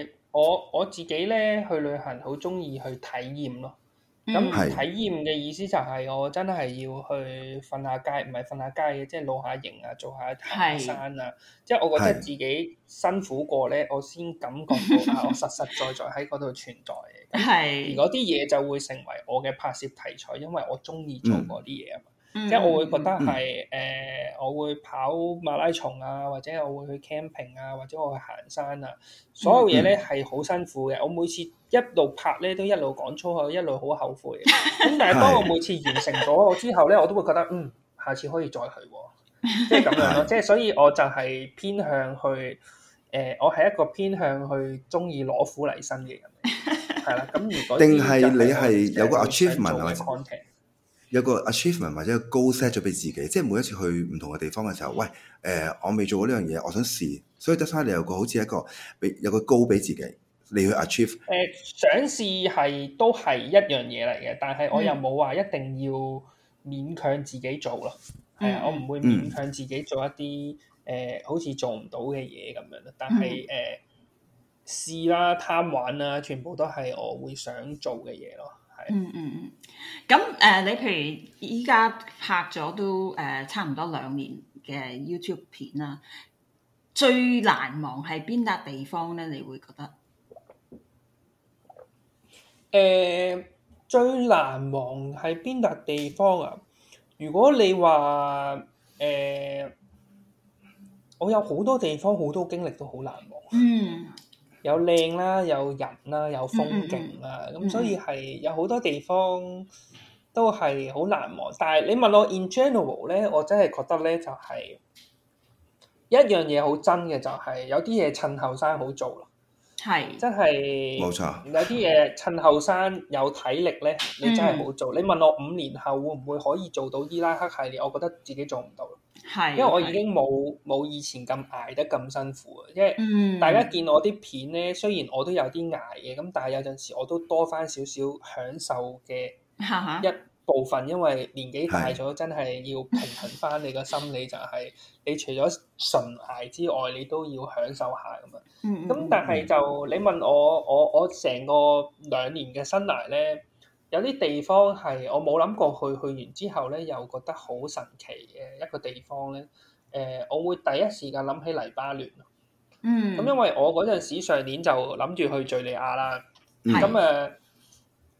Speaker 3: 呃，我我自己咧去旅行，好中意去體驗咯。咁、嗯嗯、體驗嘅意思就係我真係要去瞓下街，唔係瞓下街嘅，即係露下營啊，做下泰山啊，是即係我覺得自己辛苦過咧，是我先感覺到是、啊、我實實在在喺嗰度存在嘅。如果啲嘢就會成為我嘅拍攝題材，因為我中意做嗰啲嘢啊。嗯嗯、即係我會覺得係誒、呃，我會跑馬拉松啊，或者我會去 camping 啊，或者我去行山啊，
Speaker 5: 所有嘢咧係
Speaker 3: 好辛苦嘅。嗯、我每次一路拍咧，都一路講粗口，一路好後悔。咁但係當我每次完成咗之後咧，我都會覺得嗯，下次可以再去、啊，即係咁樣咯。是即係所以我就係偏向去誒、呃，我係一個偏向去鍾意攞苦嚟辛嘅人。係啦，咁如果定係、就是、你係
Speaker 1: 有個 achievement 或者？有個 achievement 或者個 goal set 咗俾自己，即係每一次去唔同嘅地方嘅時候，喂，誒、呃，我未做過呢樣嘢，我想試，所以得翻你有個好似一個俾有個 goal 俾自己，你去 achieve。
Speaker 3: 誒、呃，想試係都係一樣嘢嚟嘅，但係我又冇話一定要勉強自己做咯。係啊、嗯呃，我唔會勉強自己做一啲誒、嗯呃、好似做唔到嘅嘢咁樣咯。但係誒、嗯呃、試啦、啊、貪玩啦、啊，全部都係我會想做嘅嘢咯。嗯
Speaker 2: 嗯嗯，咁、嗯、誒、呃，你譬如依家拍咗都誒、呃、差唔多兩年嘅 YouTube 片啦，最難忘係邊笪
Speaker 3: 地方咧？你會覺得？誒、呃，最難忘係邊笪地方啊？如果你話誒、呃，我有好多地方好多經歷都好難忘。嗯。有靚啦，有人啦，有風景啦，咁、嗯嗯、所以係有好多地方都係好難忘。但係你問我 in general 咧，我真係覺得咧就係、是、一樣嘢好真嘅就係、是、有啲嘢趁後生好做啦。係是，真係冇錯。有啲嘢趁後生有體力咧，你真係好做。嗯、你問我五年後會唔會可以做到伊拉克系列，我覺得自己做唔到。係，因為我已經冇冇以前咁捱得咁辛苦啊！因為，就係，嗯，大家見我啲片咧，雖然我都有啲捱嘅，咁但係有陣時我都多翻少少享受嘅一部分，哈哈，因為年紀大咗，的真係要平衡翻你個心理、就係，就係你除咗純捱之外，你都要享受下咁啊！咁但係就你問我，我我成個兩年嘅生涯咧。有啲地方係我冇諗過去，去完之後咧又覺得好神奇嘅一個地方咧。誒、呃，我會第一時間諗起黎巴嫩。嗯、mm.。咁因為我嗰陣時上年就諗住去敍利亞啦。咁誒、mm.，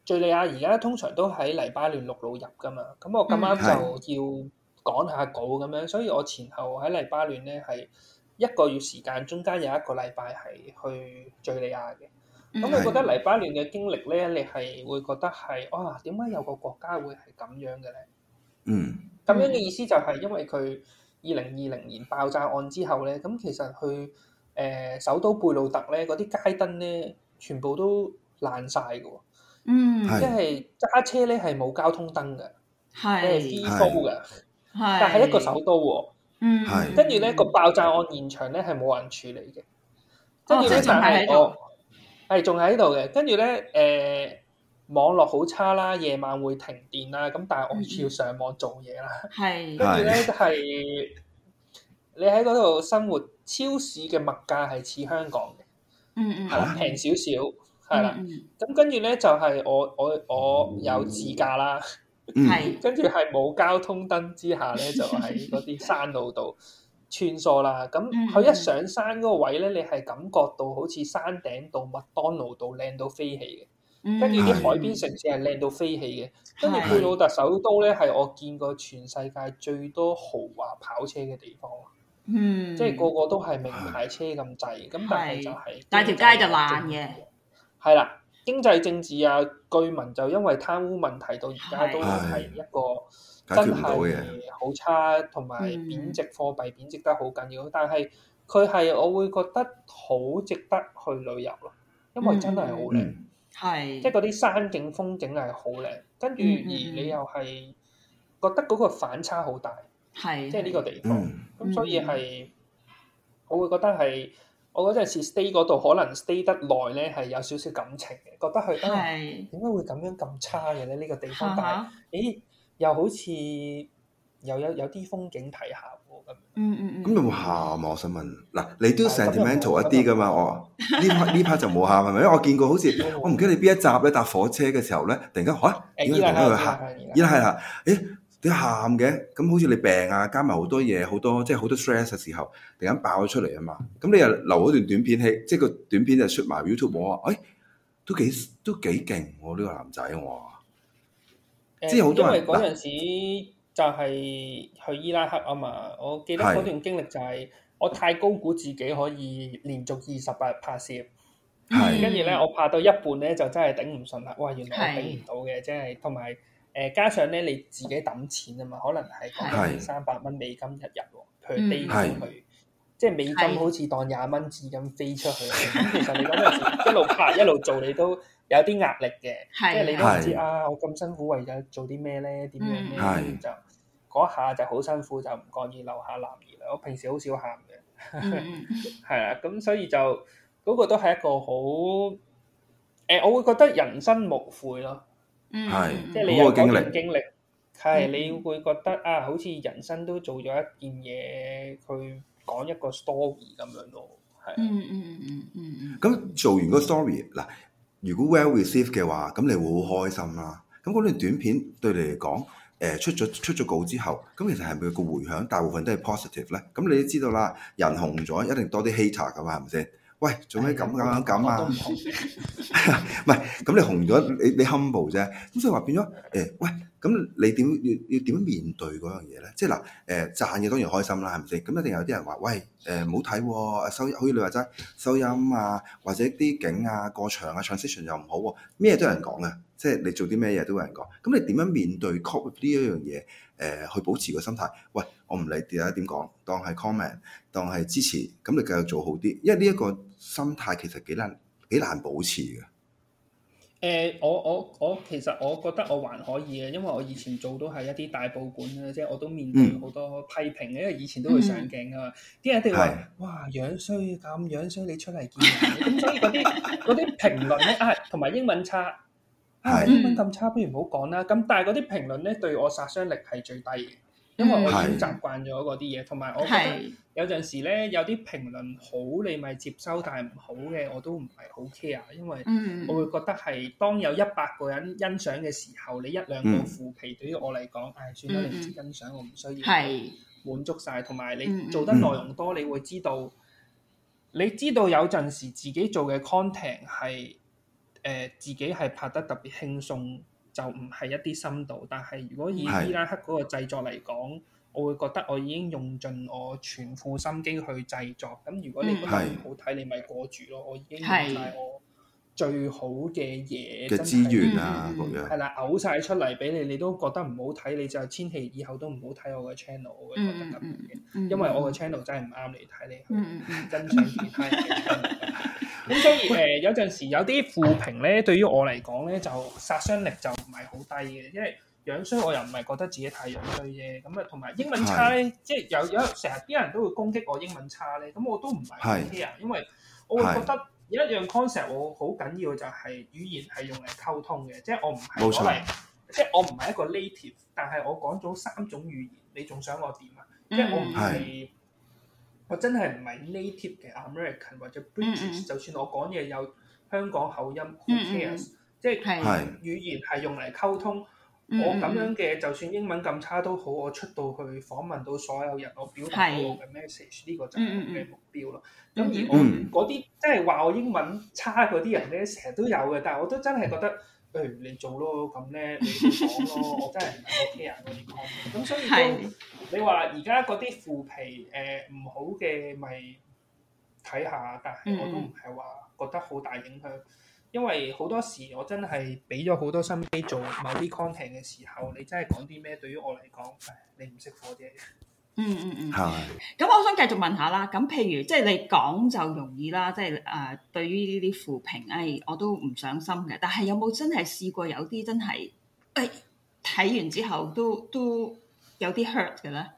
Speaker 3: 敍利亞而家通常都喺黎巴嫩陸路入噶嘛？咁我咁啱就要趕下稿咁樣，mm. 所以我前後喺黎巴嫩咧係一個月時間，中間有一個禮拜係去敍利亞嘅。咁我、嗯、覺得黎巴嫩嘅經歷咧，你係會覺得係哇，點、啊、解有個國家會係咁樣嘅咧？嗯，咁樣嘅意思就係因為佢二零二零年爆炸案之後咧，咁其實佢誒、呃、首都貝魯特咧，嗰啲街燈咧全部都爛晒㗎
Speaker 4: 喎。
Speaker 2: 嗯，即係
Speaker 3: 是揸是車咧係冇交通燈嘅，係是，係嘅，係
Speaker 4: 是，
Speaker 2: 但係一個
Speaker 3: 首都喎、哦。是嗯，跟住咧個爆炸案現場咧係冇人處理嘅，跟住咧就係我。係仲喺度嘅，跟住咧，誒、呃、網絡好差啦，夜晚會停電啦，咁但係我要上網做嘢啦。係是，跟住咧就係你喺嗰度生活，超市嘅物價係似香港嘅，
Speaker 4: 嗯嗯，平
Speaker 3: 少少，係啦。咁跟住咧就係、是、我我我有自駕啦，嗯，嗯，跟住係冇交通燈之下咧，就喺嗰啲山路度。穿梭啦，咁佢一上山嗰個位咧，你係感覺到好似山頂到麥當勞度靚到飛起嘅，跟住啲海邊城市係靚到飛起嘅，跟住貝魯特首都咧係我見過全世界最多豪華跑車嘅地方，嗯
Speaker 4: 是，
Speaker 2: 即係個
Speaker 3: 個都係名牌車咁滯，咁是但係就係大條街就爛嘅，係啦，經濟政治啊，居民就因為貪污問題到而家都係一個。是真係好差，同埋貶值貨幣貶值得好緊要。嗯、但係佢係我會覺得好值得去旅遊咯，因為真係好靚，係即係嗰啲山景風景係好靚。跟住而你又係覺得嗰個反差好大，係即係呢個地方。咁、嗯嗯、所以係我會覺得係我嗰陣時 stay 嗰度可能 stay 得耐咧，係有少少感情嘅，覺得佢、嗯、啊，點解係會咁樣咁差嘅咧？呢、呢個地方但係係咦？嗯又好似又有有啲風景睇下
Speaker 4: 喎咁，嗯嗯嗯，
Speaker 1: 咁有冇喊？我想問，嗱，你都 sentimental 一啲噶嘛？我呢呢 part 就冇喊係咪？因為我見過好似我唔記得你邊一集咧，搭火車嘅時候咧，突然間嚇，依家突然間佢喊，依家係啦，誒點喊嘅？咁好似你病啊，加埋好多嘢，好多即係好多 stress 嘅時候，突然間爆咗出嚟啊嘛！咁你又留一段短片喺，即係個短片就出埋 YouTube 播啊！誒，都幾都幾勁，我呢個男仔
Speaker 3: 因為嗰陣時就係去伊拉克啊嘛，我記得嗰段經歷就係我太高估自己可以連續二十八日拍攝，跟住咧我拍到一半咧就真係頂唔順啦，哇原來我頂唔到嘅，即係同埋誒加上咧你自己揼錢啊嘛，可能係三百蚊美金一日喎，佢飛出去，即係美金好似當廿蚊紙咁飛出去。其實你嗰陣時 一路拍一路做你都～有啲壓力嘅，即、就、係、是、你都知的啊！我咁辛苦為咗做啲咩咧？點樣咧？的就嗰下就好辛苦，就唔覺意留下男兒。我平時好少喊嘅，係 啦。咁所以就嗰、那個都係一個好誒、欸，我會覺得人生無悔咯。係的、嗯、即係你有個經歷，係你會覺得啊，好似人生都做咗一件嘢，佢講一個 story 咁樣咯。係嗯嗯嗯嗯嗯嗯。
Speaker 1: 咁、嗯嗯、做完個 story 嗱。如果 well received 嘅話，咁你會好開心啦、啊。咁嗰段短片對你嚟講，出咗出咗稿之後，咁其實係咪個迴響大部分都係 positive 呢？咁你都知道啦，人紅咗一定多啲 hater 噶嘛，係咪先？喂，做咩咁咁咁啊？唔係， 咁你紅咗，你你 humble 啫。咁所以話變咗，誒、欸，喂，咁你點要要點面對嗰樣嘢咧？即係嗱，誒、呃、賺嘅當然開心啦，係咪先？咁一定有啲人話，喂，誒、唔好睇，收好似你話齋，收音啊，或者啲景啊過場啊，transition 又唔好喎、啊，咩都有人講嘅，即、就、係、是、你做啲咩嘢都有人講。咁你點樣面對 cope 呢一樣嘢？誒、呃，去保持個心態。喂，我唔理跌啊點講，當係 comment，當係支持。咁你繼續做好啲，因為呢、這、一個。心態其實幾難幾難保持嘅。
Speaker 3: 誒、呃，我我我其實我覺得我還可以嘅，因為我以前做都係一啲大報館啊，即、就、係、是、我都面對好多批評嘅，嗯、因為以前都會上鏡啊嘛，啲、嗯、人哋話的哇，樣衰咁樣衰，你出嚟見人，咁 所以嗰啲啲評論咧啊，同埋英文差的啊，英文咁差，不如唔好講啦。咁的、嗯、但係嗰啲評論咧，對我殺傷力係最低嘅。
Speaker 5: 因為我已經習
Speaker 3: 慣咗嗰啲嘢，同埋我覺得有陣時咧，有啲評論好你咪接收，但係唔好嘅我都唔係好 care，因為我會覺得係當有一百個人欣賞嘅時候，你一兩個負評、嗯、對於我嚟講，唉、哎，算啦，你唔知欣賞，我唔需要、嗯、滿足晒。同埋是你做得內容多，你會知道，嗯、你知道有陣時自己做嘅 content 係誒、呃、自己係拍得特別輕鬆。就唔係一啲深度，但係如果以伊拉克嗰個製作嚟講，我會覺得我已經用盡我全副心機去製作。咁如果你覺得唔好睇，你咪過住咯。我已經用晒我最好嘅嘢嘅資源啊，咁樣。係啦，嘔晒出嚟俾你，你都覺得唔好睇，你就千祈以後都唔好睇我嘅 channel。我會覺得咁樣嘅，因為我嘅 channel 真係唔啱你睇，你去欣賞其他人嘅 c h 咁所以誒、呃，有陣時有啲負評咧，對於我嚟講咧，就殺傷力就唔係好低嘅，因為樣衰我又唔係覺得自己太樣衰啫。咁啊，同埋英文差咧，是即係有有成日啲人都會攻擊我英文差咧，咁我都唔係啲啊，是因為我會覺得有一樣 concept 我好緊要就係語言係用嚟溝通嘅，即係我唔係錯即係我唔係一個 native，但係我講咗三種語言，你仲想我點啊？嗯、即係我唔係。我真係唔係 native 嘅 American 或者 British、mm hmm. 就算我講嘢有香港口音，who cares、mm hmm. Okay. 即係語言係用嚟溝通。Mm hmm. 我咁樣嘅，就算英文咁差都好，我出到去訪問到所有人，我表達到我嘅 message 呢個就係我嘅目標咯。咁、mm hmm. 而我嗰啲即係話我英文差嗰啲人咧，成日都有嘅，但係我都真係覺得。譬如、哎、你做咯，咁咧你講咯， 我真係聽人講。咁所以你話而家嗰啲負評誒唔、呃、好嘅咪睇下，但係我都唔係話覺得好大影響， 因為好多時我真係俾咗好多心機做某啲 content 嘅時候，你真係講啲咩對於我嚟講，你唔識貨啫。
Speaker 4: 嗯嗯
Speaker 2: 嗯，係吧。咁我想繼續問下啦，咁譬如即係、就是、你講就容易啦，即係誒，對於呢啲負評，誒、哎，我都唔上心嘅。但係有冇真係試過有啲真係誒，睇、哎、完之後都都有啲 hurt 嘅咧？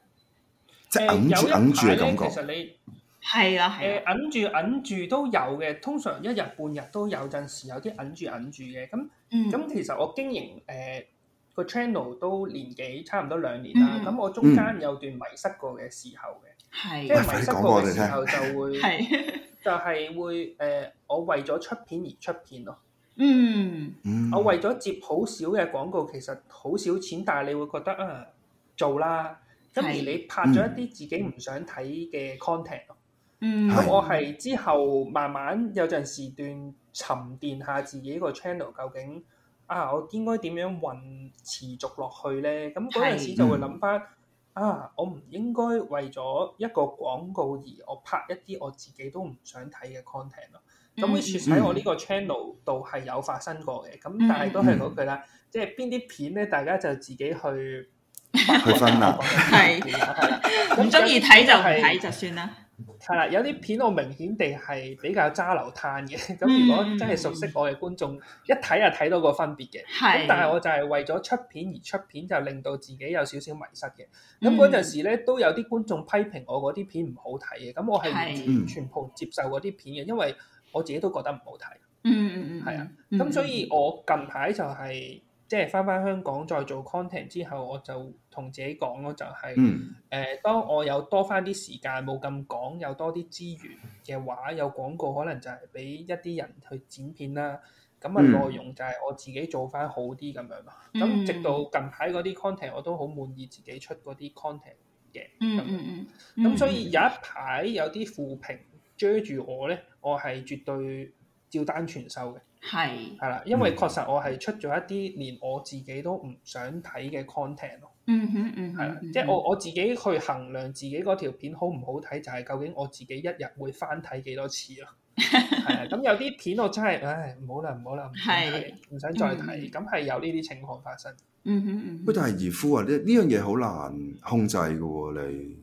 Speaker 4: 即係忍住嘅感覺，其實你
Speaker 3: 係啦係。忍住忍住都有嘅，通常一日半日都有陣時有啲忍住忍住嘅。咁咁其實我經營誒，個 channel 都年幾差唔多兩年啦，咁、嗯、我中間有段迷失過嘅時候嘅，即係、嗯、迷失過嘅時候就會，就係會誒、 呃，我為咗出片而出片咯，嗯，我為咗接好少嘅廣告，其實好少錢，但係你會覺得啊、呃，做啦，咁是而你拍咗一啲自己唔想睇嘅 content 咯，
Speaker 4: 咁我
Speaker 3: 係之後慢慢有陣時段沉澱下自己個 channel 究竟。啊！我應該點樣運持續落去咧？咁嗰陣時就會諗翻、嗯、啊！我唔應該為咗一個廣告而我拍一啲我自己都唔想睇嘅 content 咯。咁會設喺我呢個 channel 度係有發生過嘅。咁、嗯、但係都係嗰句啦，嗯、即係邊啲片咧，大家就自己去去分啦。係常、啊是，唔中意睇就睇就算啦。係啦，有啲片我明顯地係比較揸流攤嘅，咁如果真係熟悉我嘅觀眾、嗯、一睇就睇到個分別嘅。咁是但係我就係為咗出片而出片，就令到自己有少少迷失嘅。
Speaker 5: 咁嗰陣時
Speaker 3: 咧、嗯、都有啲觀眾批評我嗰啲片唔好睇嘅，咁我係完全，是、嗯、全部接受嗰啲片嘅，因為我自己都覺得唔好睇、嗯。嗯嗯嗯，係啊。咁所以我近排就係、是。即係翻返香港再做 content 之後，我就同自己講咯、就係，就係誒，當我有多翻啲時間冇咁趕，有多啲資源嘅話，有廣告可能就係俾一啲人去剪片啦。咁啊，內容就係我自己做翻好啲咁樣啦。咁、嗯、直到近排嗰啲 content 我都好滿意自己出嗰啲 content 嘅、嗯樣嗯。嗯咁所以有一排有啲負評追住我咧，我係絕對照單全收嘅，係係啦，因為確實我係出咗一啲連我自己都唔想睇嘅 content 咯。嗯哼的嗯哼，係啦，即係我我自己去衡量自己嗰條片好唔好睇，就係、是、究竟我自己一日會翻睇幾多次咯。係啊， 咁有啲片我真係，唉，唔好啦唔好啦，唔使是再睇，咁係有呢啲情況發生。嗯哼嗯哼，不過、嗯、哼但係
Speaker 1: 怡富啊，呢呢樣嘢好難控制嘅喎，你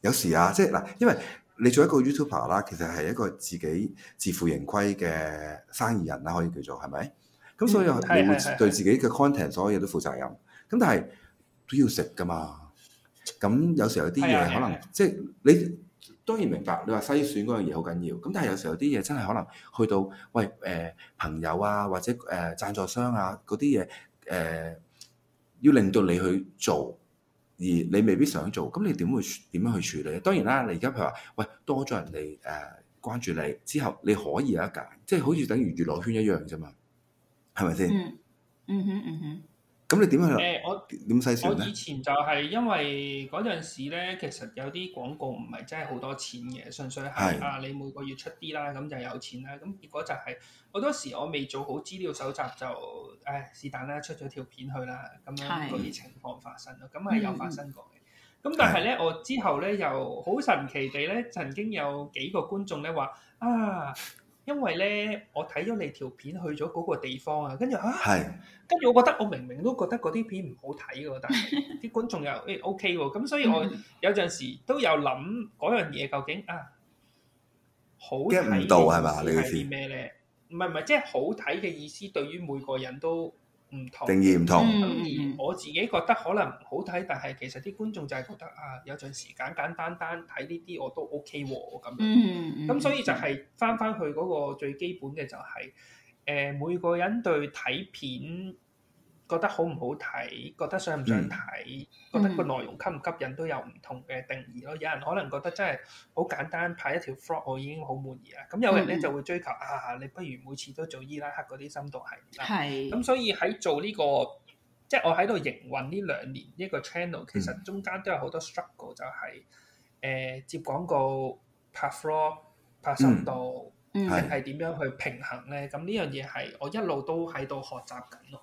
Speaker 1: 有時啊，即係嗱，因為。因為你做一個 YouTuber 啦，其實係一個自己自負盈虧嘅生意人啦，可以叫做係咪？
Speaker 4: 咁、嗯、所以你會對
Speaker 1: 自己嘅 content、嗯、所有嘢都負責任。咁、嗯、但係都要食㗎嘛。咁有時候有啲嘢可能即係、嗯就是、你當然明白，你話篩選嗰樣嘢好緊要。咁但係有時候有啲嘢真係可能去到喂誒、呃、朋友啊，或者誒、呃、贊助商啊嗰啲嘢誒，要令到你去做。而你未必想做，咁你點會點樣去處理咧？當然啦，你而家譬如話，喂，多咗人嚟誒、呃、關注你之後，你可以有一揀，即係好似等於娛樂,樂圈一樣啫嘛，係咪先？嗯嗯
Speaker 3: 哼嗯哼。嗯哼
Speaker 1: 咁你點去？誒、呃、我
Speaker 3: 點細我以前就係因為嗰陣時咧，其實有啲廣告唔係真係好多錢嘅，純粹係的啊，你每個月出啲啦，咁就有錢啦。咁結果就係好多時我未做好資料搜集就，誒是但啦，出咗條片去啦，咁樣嗰啲情況發生咯。咁係的有發生過嘅。咁、嗯、但係咧，的我之後咧又好神奇地咧，曾經有幾個觀眾咧話啊～因為咧，我睇咗你條片去咗嗰個地方啊，跟住啊，跟住我覺得我明明都覺得嗰啲片唔好睇㗎，但係啲觀眾又誒、 哎、OK 喎，咁所以我有陣時都有諗嗰樣嘢究竟啊，好睇嘅、就是、意思係咩咧？唔係唔係，即係好睇嘅意思，對於每個人都。定義唔同，同嗯嗯、我自己覺得可能唔好睇，但係其實啲觀眾就係覺得啊，有陣時簡簡單單睇呢啲我都 OK 喎、啊，咁，咁、嗯嗯嗯、所以就係返返去嗰個最基本嘅就係、是，誒、呃、每個人對睇片。覺得好唔好睇，覺得想唔想睇，嗯、覺得個內容吸唔吸引都有唔同嘅定義咯。嗯、有人可能覺得真係好簡單拍一條 vlog 我已經好滿意啦。咁有人咧就會追求、嗯、啊，你不如每次都做伊拉克嗰啲深度系列係。咁是所以喺做呢、這個，即、就、係、是、我喺度營運呢兩年一、這個 channel，其實中間都有好多 struggle，、嗯、就係、是、誒、呃、接廣告、拍 vlog 拍深度，係點樣去平衡咧？咁呢樣嘢係我一路都喺度學習緊咯。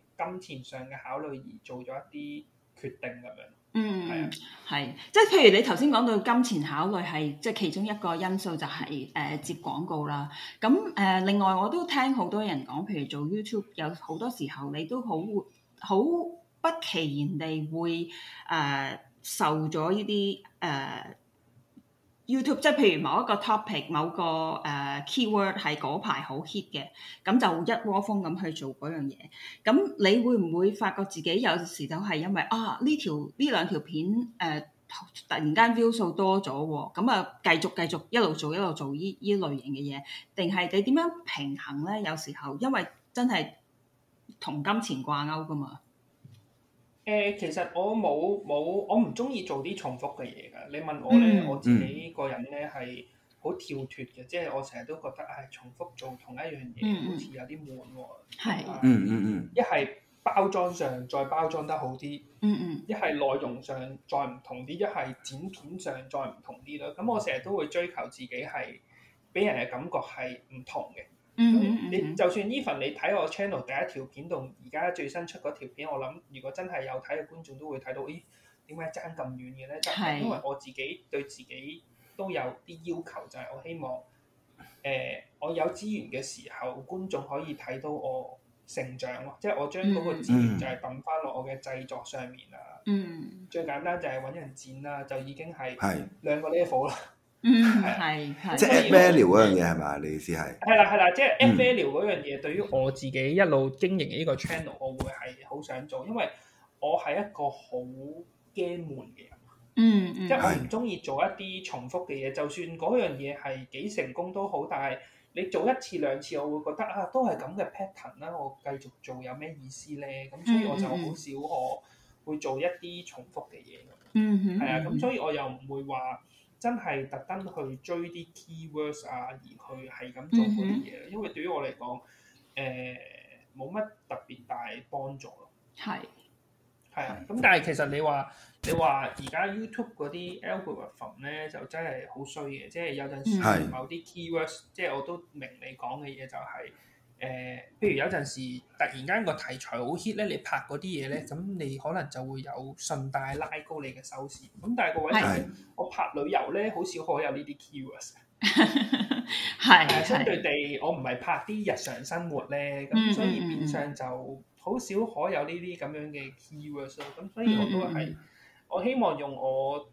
Speaker 3: 金錢上嘅考慮而做咗一啲決定咁樣，嗯，
Speaker 2: 係、啊，即係譬如你頭先講到金錢考慮係即係其中一個因素、就係，就係誒接廣告啦。咁誒、呃、另外我都聽好多人講，譬如做 YouTube 有好多時候你都好好不期然地會誒、呃、受咗呢啲誒。呃 YouTube 即係譬如某一個 topic，某個誒 keyword 係嗰排好 hit 嘅，咁，uh，就一窩蜂咁去做嗰樣嘢。咁你會唔會發覺自己有時就係因為啊呢條呢兩條片誒、呃、突然間 view 數多咗，咁啊繼續繼續一路，一路做一路做依依類型嘅嘢，定係你點樣平衡咧？有時候因為真係同金錢掛鈎噶嘛。
Speaker 3: 誒，其實我冇冇，我唔中意做啲重複嘅嘢㗎。你問我咧，嗯、我自己個人咧係好跳脫嘅，即係、嗯、我成日都覺得係、啊、重複做同一樣嘢、嗯、好似有啲悶喎。係，嗯嗯嗯。一係包裝上再包裝得好啲、嗯，嗯嗯。一係內容上再唔同啲，一係剪片上再唔同啲咯。咁我成日都會追求自己係俾人嘅感覺係唔同嘅。嗯，你、mm hmm. 就算呢份你睇我 channel 第一條片同而家最新出嗰條片，我諗如果真係有睇嘅觀眾都會睇到，咦點解爭咁遠嘅咧？就係是因為我自己對自己都有啲要求，就係、是、我希望誒、呃、我有資源嘅時候，觀眾可以睇到我成長咯，即、就、係、是、我將嗰個資源就係揼翻落我嘅製作上面啦。嗯、mm，hmm. 最簡單就係揾人剪啦，就已經係兩個 level 啦。Mm hmm. 嗯，係， 啊、即係 add value 以、啊、嗰樣嘢
Speaker 1: 係嘛？你意思係？
Speaker 3: 係啦、啊，係啦、啊，即、就、係、是、add value、嗯、嗰樣嘢，對於我自己一路經營呢個 channel，我會係好想做，因為我係一個好驚悶嘅人，嗯，嗯，
Speaker 4: 即係唔
Speaker 3: 中意做一啲重複嘅嘢。是就算嗰樣嘢係幾成功都好，但係你做一次兩次，我會覺得啊，都係咁嘅 pattern 啦，我繼續做有咩意思咧？咁所以我就好少我會做一啲重複嘅嘢、嗯。嗯，
Speaker 4: 係、嗯、啊，咁所
Speaker 3: 以我又唔會話。真係特登去追啲 keywords 啊，而去係咁做嗰啲嘢，因為對於我嚟講，誒冇乜特別大幫助咯。係係啊，咁但係其實你話你話而家 YouTube 嗰啲 algorithm 咧，就真係好衰嘅，即係有陣時某啲 keywords，是即係我都明你講嘅嘢就係、是。誒、呃，譬如有陣時突然間個題材好 hit 咧，你拍嗰啲嘢咧，咁你可能就會有順帶拉高你嘅收視。咁但係個位，的我拍旅遊咧，好少可有呢啲 keywords。
Speaker 2: 係係 的、啊。相對
Speaker 3: 地，我唔係拍啲日常生活咧，咁所以變相就好少可有呢啲咁樣嘅 keywords。咁所以我都係 我希望用我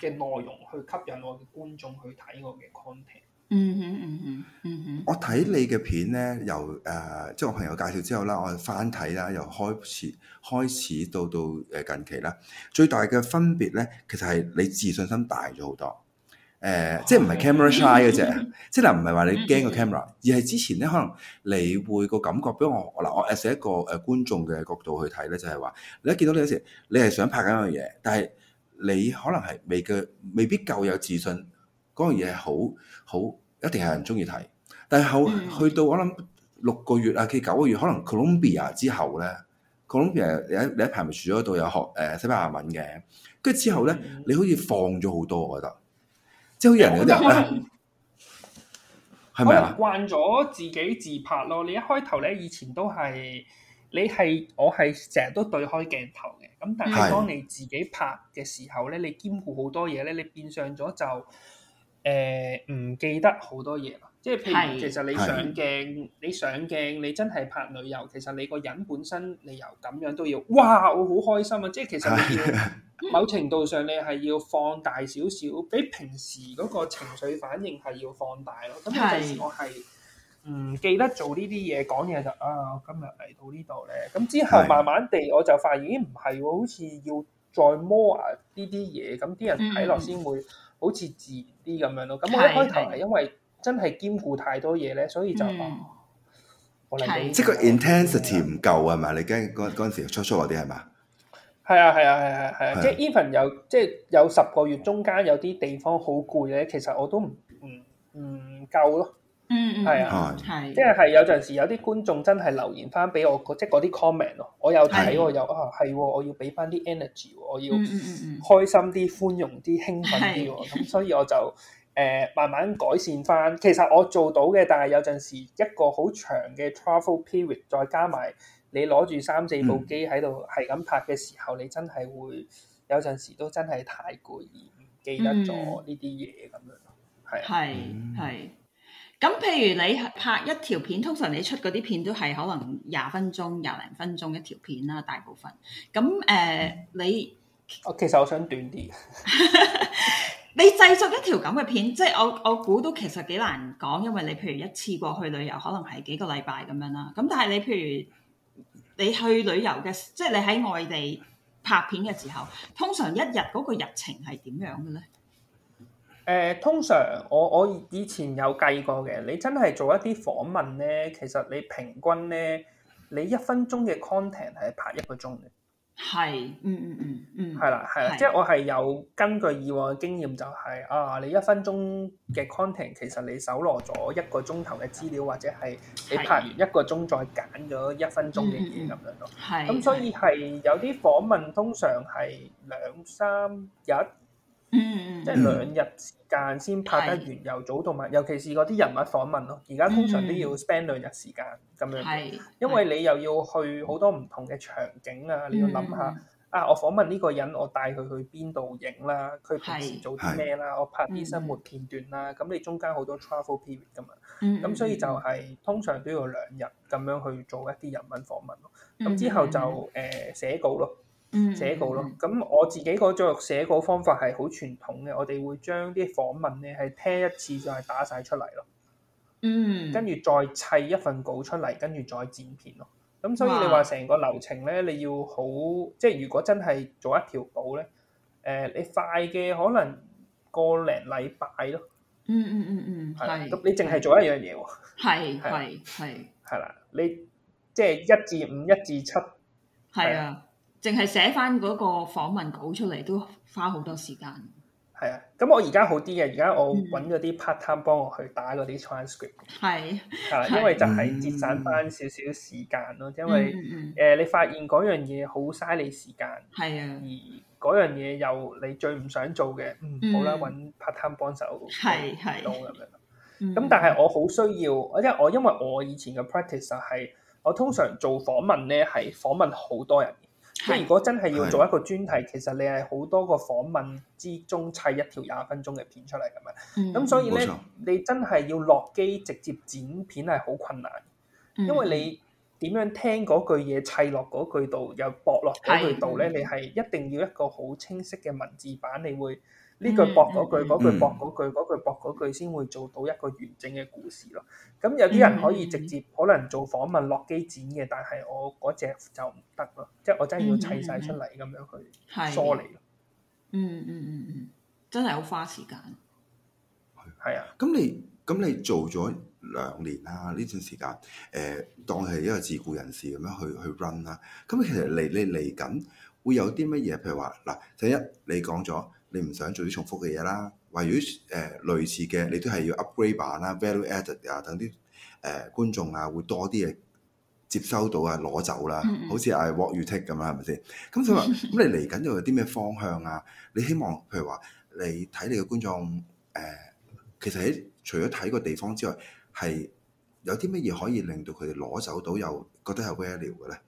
Speaker 3: 嘅內容去吸引我嘅觀眾去睇我嘅 content。
Speaker 4: 嗯哼嗯哼嗯
Speaker 1: 我睇你嘅片咧，由誒、呃、即係我朋友介紹之後啦，我翻睇啦，又開始開始到到誒近期啦，最大嘅分別咧，其實係你自信心大咗好多，誒、呃、即係唔係 camera shy 嘅啫，mm hmm. 即係嗱唔係話你驚個 camera，而係之前咧可能你會個感覺俾我嗱我 as 一個誒觀眾嘅角度去睇咧，就係、是、話你一見到你有時你係想拍緊樣嘢，但係你可能係未嘅未必夠有自信。嗰樣嘢係好好，一定係人中意睇。但係後去到我諗六個月啊，佢九個月，可能 Colombia 之後咧，Colombia 你喺你喺排咪住嗰度有學誒西班牙文嘅，跟住之後咧，你好似放咗好多，我覺得，即係好似人哋啲啊，
Speaker 4: 係咪啊？我
Speaker 3: 慣咗自己自拍咯，你一開頭咧，以前都係你係我係成日都對開鏡頭嘅，咁但係當你自己拍嘅時候咧，你兼顧好多嘢咧，你變相咗就。誒唔、呃、記得好多嘢咯，即係譬如其實你上鏡，是你上鏡，你真係拍旅遊，其實你個人本身你又咁樣都要，哇！我好開心啊！即係其實你要是某程度上你係要放大少少，比平時嗰個情緒反應係要放大咯。咁我陣時我係唔記得做呢啲嘢講嘢，就是、啊，今日嚟到呢度咧。咁之後慢慢地我就發現咦，唔係喎，好、哎、似、哦、要再摸啊呢啲嘢，咁啲人睇落先會。好似自然啲咁樣咯，咁我一開頭係因為真係兼顧太多嘢咧，所以就、嗯、我嚟畀你。即係
Speaker 1: 個 intensity 唔夠啊嘛，你驚嗰嗰陣時初初嗰啲係嘛？
Speaker 3: 係啊係啊係係係，即係 even 有即係有十個月中間有啲地方好攰咧，其實我都唔唔唔夠咯。
Speaker 4: 嗯，嗯，係啊，係是，即
Speaker 3: 係，係有陣時有啲觀眾真係留言翻俾我，即、就、係、是、嗰啲 comment 咯，我有睇，是我有啊，係、哦，我要俾翻啲 energy，我要開心啲、寬容啲、興奮啲，咁是所以我就誒、呃、慢慢改善翻。其實我做到嘅，但係有陣時一個好長嘅 travel period，再加埋你攞住三四部機喺度係咁拍嘅時候，嗯、你真係會有陣時都真係太攰而唔記得咗呢啲嘢咁樣，係係
Speaker 2: 係。嗯咁譬如你拍一條片，通常你出嗰啲片都係可能廿分鐘、廿零分鐘一條片啦，大部分。咁誒、呃，你，
Speaker 3: 我其實我想短啲。
Speaker 2: 你製作一條咁嘅片，即係我我估都其實幾難講，因為你譬如一次過去旅遊，可能係幾個禮拜咁樣啦。咁但係你譬如你去旅遊嘅，即係你喺外地拍片嘅時候，通常一日嗰個日程係點樣嘅咧？
Speaker 3: 誒，通常我我以前有計過嘅，你真係做一啲訪問咧，其實你平均咧，你一分鐘嘅 content 係拍一個鐘嘅。係，嗯嗯嗯，嗯，係啦，係啦，即係我係有根據以往嘅經驗、就係，就係啊，你一分鐘嘅 content，其實你搜羅咗一個鐘頭嘅資料，或者係你拍完一個鐘再揀咗一分鐘嘅嘢咁樣咯。係。
Speaker 2: 咁
Speaker 3: 所以係有啲訪問通常係兩三日。嗯，即係兩日時間先拍得完，又是早同埋，尤其是嗰啲人物訪問咯。而家通常都要 spend 兩是日時間咁樣，是因為你又要去好多唔同嘅場景啊，你要諗下啊，我訪問呢個人，我帶佢去邊度影啦，佢平時做啲咩啦，我拍啲生活片段啦，咁是你中間好多 travel period 噶嘛，咁所以就係通常都要兩日咁樣去做一啲人物訪問咯，
Speaker 4: 咁之後
Speaker 3: 就誒、呃、寫稿咯。寫稿咯，咁我自己個作寫稿方法係好傳統嘅，我哋會將啲訪問咧係聽一次就係打晒出嚟咯。嗯，
Speaker 4: 跟住
Speaker 3: 再砌一份稿出嚟，跟住再剪片咯。咁所以你話成個流程咧，你要好，即係如果真係做一條稿咧，誒，你快嘅可能個零禮拜咯。嗯嗯嗯嗯，
Speaker 2: 係。
Speaker 3: 咁你淨係做一樣嘢喎？係係係。係啦，你即係一至五，一至七。
Speaker 2: 係啊。淨係寫翻嗰個訪問稿出嚟都花好多時間。
Speaker 3: 係啊，咁我而家好啲嘅。而家我揾咗啲 part time 幫我去打嗰啲 transcript。係係、嗯，因為就係節省翻少少時間咯。因為誒、嗯嗯嗯呃，你發現嗰樣嘢好嘥你時間，係啊、嗯，嗯、而嗰樣嘢又你最唔想做嘅、嗯嗯，好啦，揾 part time 幫手係係幫咁樣。咁但係我好需要，因為我因為我以前嘅 practice 就係、是、我通常做訪問咧，係訪問好多人。咁如果真係要做一個專題，是其實你係好多個訪問之中砌一條廿分鐘嘅片出嚟㗎嘛，咁、嗯嗯、所以咧，錯你真係要落機直接剪片係好困難，嗯、
Speaker 4: 因為你
Speaker 3: 點樣聽嗰句嘢砌落嗰句度，又駁落嗰句度咧，是你係一定要一個好清晰嘅文字版，你會。呢句駁嗰、嗯、句，嗰微句駁嗰微句，嗰句駁嗰句，先會做到一個完整嘅故事咯。咁有啲人可以直接、嗯、可能做訪問落機剪嘅，但係我嗰隻就唔得咯，即係我真係要砌晒出嚟咁樣去梳理。嗯嗯嗯嗯，嗯，
Speaker 2: 真係好花時
Speaker 3: 間。係啊，
Speaker 2: 咁你
Speaker 1: 咁你做咗兩年啦，呢段時間誒當係一個自僱人士咁樣去去 run 啦。咁其實嚟你嚟緊會有啲乜嘢？譬如話嗱，第一你講咗。你唔想做啲重複嘅嘢啦，或者誒、呃、類似嘅，你都係要 upgrade 版啦、value added 啊等啲誒觀眾啊會多啲嘅接收到啊攞走啦，mm hmm. 好似係 iwalkutake 咁啦，係咪先？咁所以話咁你嚟緊又有啲咩方向啊？ 你希望譬如話你睇你嘅觀眾誒、呃、其實喺除咗睇個地方之外，係有啲乜嘢可以令到佢哋攞走到又覺得係 value 嘅咧？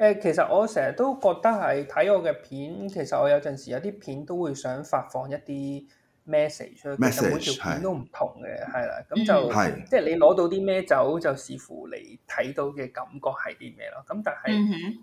Speaker 3: 誒，其實我成日都覺得係睇我嘅片，其實我有陣時有啲片都會想發放一啲 message，息其實每條片都唔同嘅，係啦的，咁就的即係你攞到啲咩酒，就視乎你睇到嘅感覺係啲咩咯。咁但係誒、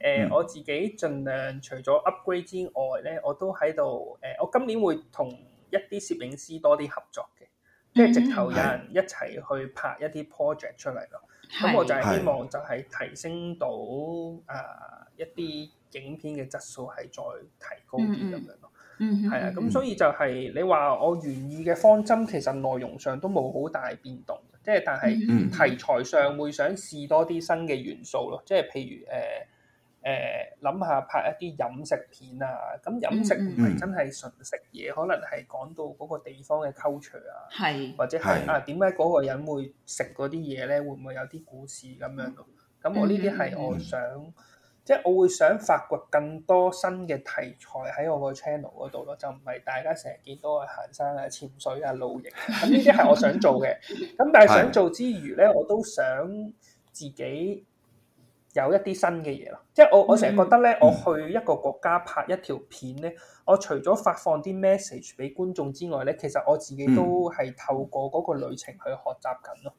Speaker 3: 嗯哼呃，我自己盡量除咗 upgrade 之外咧，我都喺度誒，我今年會同一啲攝影師多啲合作嘅，
Speaker 4: 即係、嗯、哼直頭有人
Speaker 3: 一齊去拍一啲 project 出嚟咯。咁我就係希望就係提升到誒是、呃、一啲影片嘅質素係再提高啲咁、mm hmm. 樣咯，
Speaker 4: 係啊、mm，咁、hmm.
Speaker 3: 所以就係你話我原意嘅方針，其實內容上都冇好大變動，即、就、係、是、但係題材上會想試多啲新嘅元素咯，即、就、係、是、譬如誒。呃誒諗下拍一啲飲食片啊，咁飲食唔係真係純食嘢，嗯嗯、可能係講到嗰個地方嘅 culture 啊，是或者係是啊點解嗰個人會食嗰啲嘢咧？會唔會有啲故事咁、啊、樣？咁我呢啲係我想，嗯嗯、即係我會想發掘更多新嘅題材喺我個 channel 嗰度咯，就唔係大家成日見到我行山啊、潛水啊、露營，咁呢啲係我想做嘅。咁但係想做之餘咧，是我都想自己。有一啲新嘅嘢咯，即係我我成日覺得咧，我去一個國家拍一條片咧，我除咗發放啲 message 俾觀眾之外咧，其實我自己都係透過嗰個旅程去學習緊咯。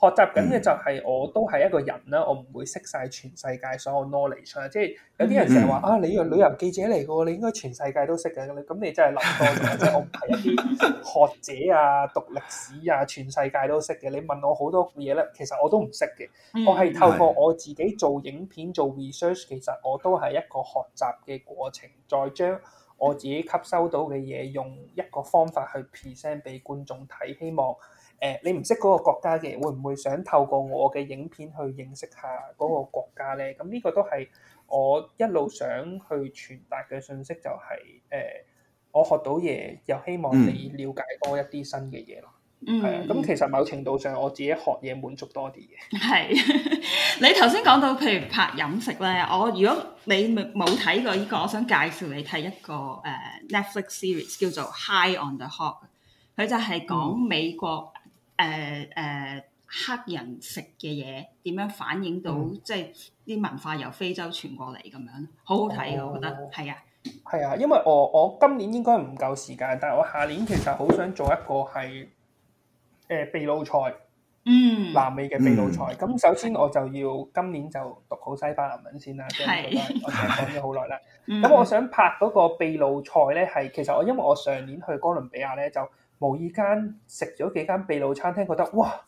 Speaker 3: 學習緊嘅就係我、嗯、都係一個人啦，我唔會識晒全世界所有 knowledge，即係有啲人成日話啊，你個旅遊記者嚟嘅，你應該全世界都識嘅，咁你真係諗多咗。即 我唔係一啲學者啊，讀歷史啊，全世界都識嘅。你問我好多嘢咧，其實我都唔識嘅。嗯、我係透過我自己做影片做 research，其實我都係一個學習嘅過程，再將我自己吸收到嘅嘢用一個方法去 present 俾觀眾睇，希望。誒，你唔識嗰個國家嘅，會唔會想透過我嘅影片去認識下嗰個國家咧？咁呢個都係我一路想去傳達嘅信息，就係、是、誒、呃，我學到嘢，又希望你了解多一啲新嘅嘢咯。嗯，係啊。咁其實某程度上，我自己學嘢滿足多啲嘅。
Speaker 2: 係是， 你頭先講到譬如拍飲食咧，我如果你冇睇過呢、這個，我想介紹你睇一個誒、uh, Netflix series 叫做《High on the Hog》，佢就係講美國、嗯。誒誒，黑人食嘅嘢點樣反映到，即係啲文化由非洲傳過嚟咁樣，好好睇嘅，我覺得係
Speaker 3: 啊，係啊，因為我我今年應該唔夠時間，但係我下年其實好想做一個係誒秘魯菜，嗯，南美嘅秘魯菜。咁首先我就要今年就讀好西班牙文先啦，係，我講咗好耐啦。咁我想拍嗰個秘魯菜咧，係其實我因為我上年去哥倫比亞咧就。無意間食咗幾間秘魯餐廳，覺得哇，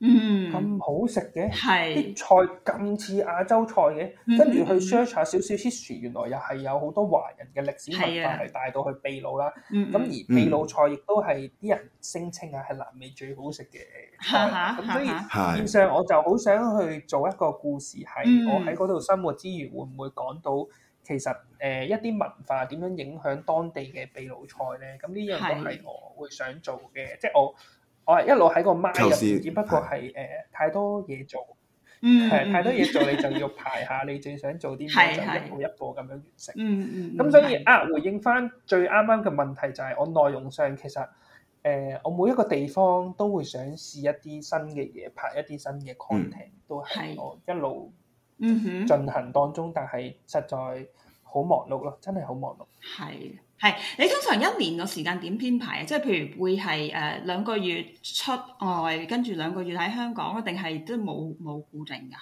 Speaker 3: 嗯，
Speaker 4: 咁
Speaker 3: 好食嘅，係啲菜咁似亞洲菜嘅，跟住、嗯、去 search 下少少 h i 原來又係有好多華人嘅歷史文化嚟帶到去秘魯啦。咁、嗯、而秘魯菜亦都係啲人聲稱係南美最好食嘅。咁哈所以，哈哈面上我就好想去做一個故事，係我喺嗰度生活之餘，會唔會講到？其實誒、呃、一啲文化點樣影響當地嘅秘魯菜咧？咁呢樣都係我會想做嘅，是即係我我係一路喺個 m 入 r 只不過係誒是、呃、太多嘢做，嗯係、呃、太多嘢做，你就要排下 你最想做啲咩，就一步一步咁樣完成。嗯咁所以啊，回應翻最啱啱嘅問題就係我內容上其實誒、呃，我每一個地方都會想試一啲新嘅嘢，拍一啲新嘅 content 都係我一路。嗯哼，進行當中，但係實在好忙碌咯，真係好忙碌。係
Speaker 2: 係，你通常一年嘅時間點編排啊，即係譬如會係誒兩個月出外，跟住兩個月喺香港，定係都冇冇固定㗎？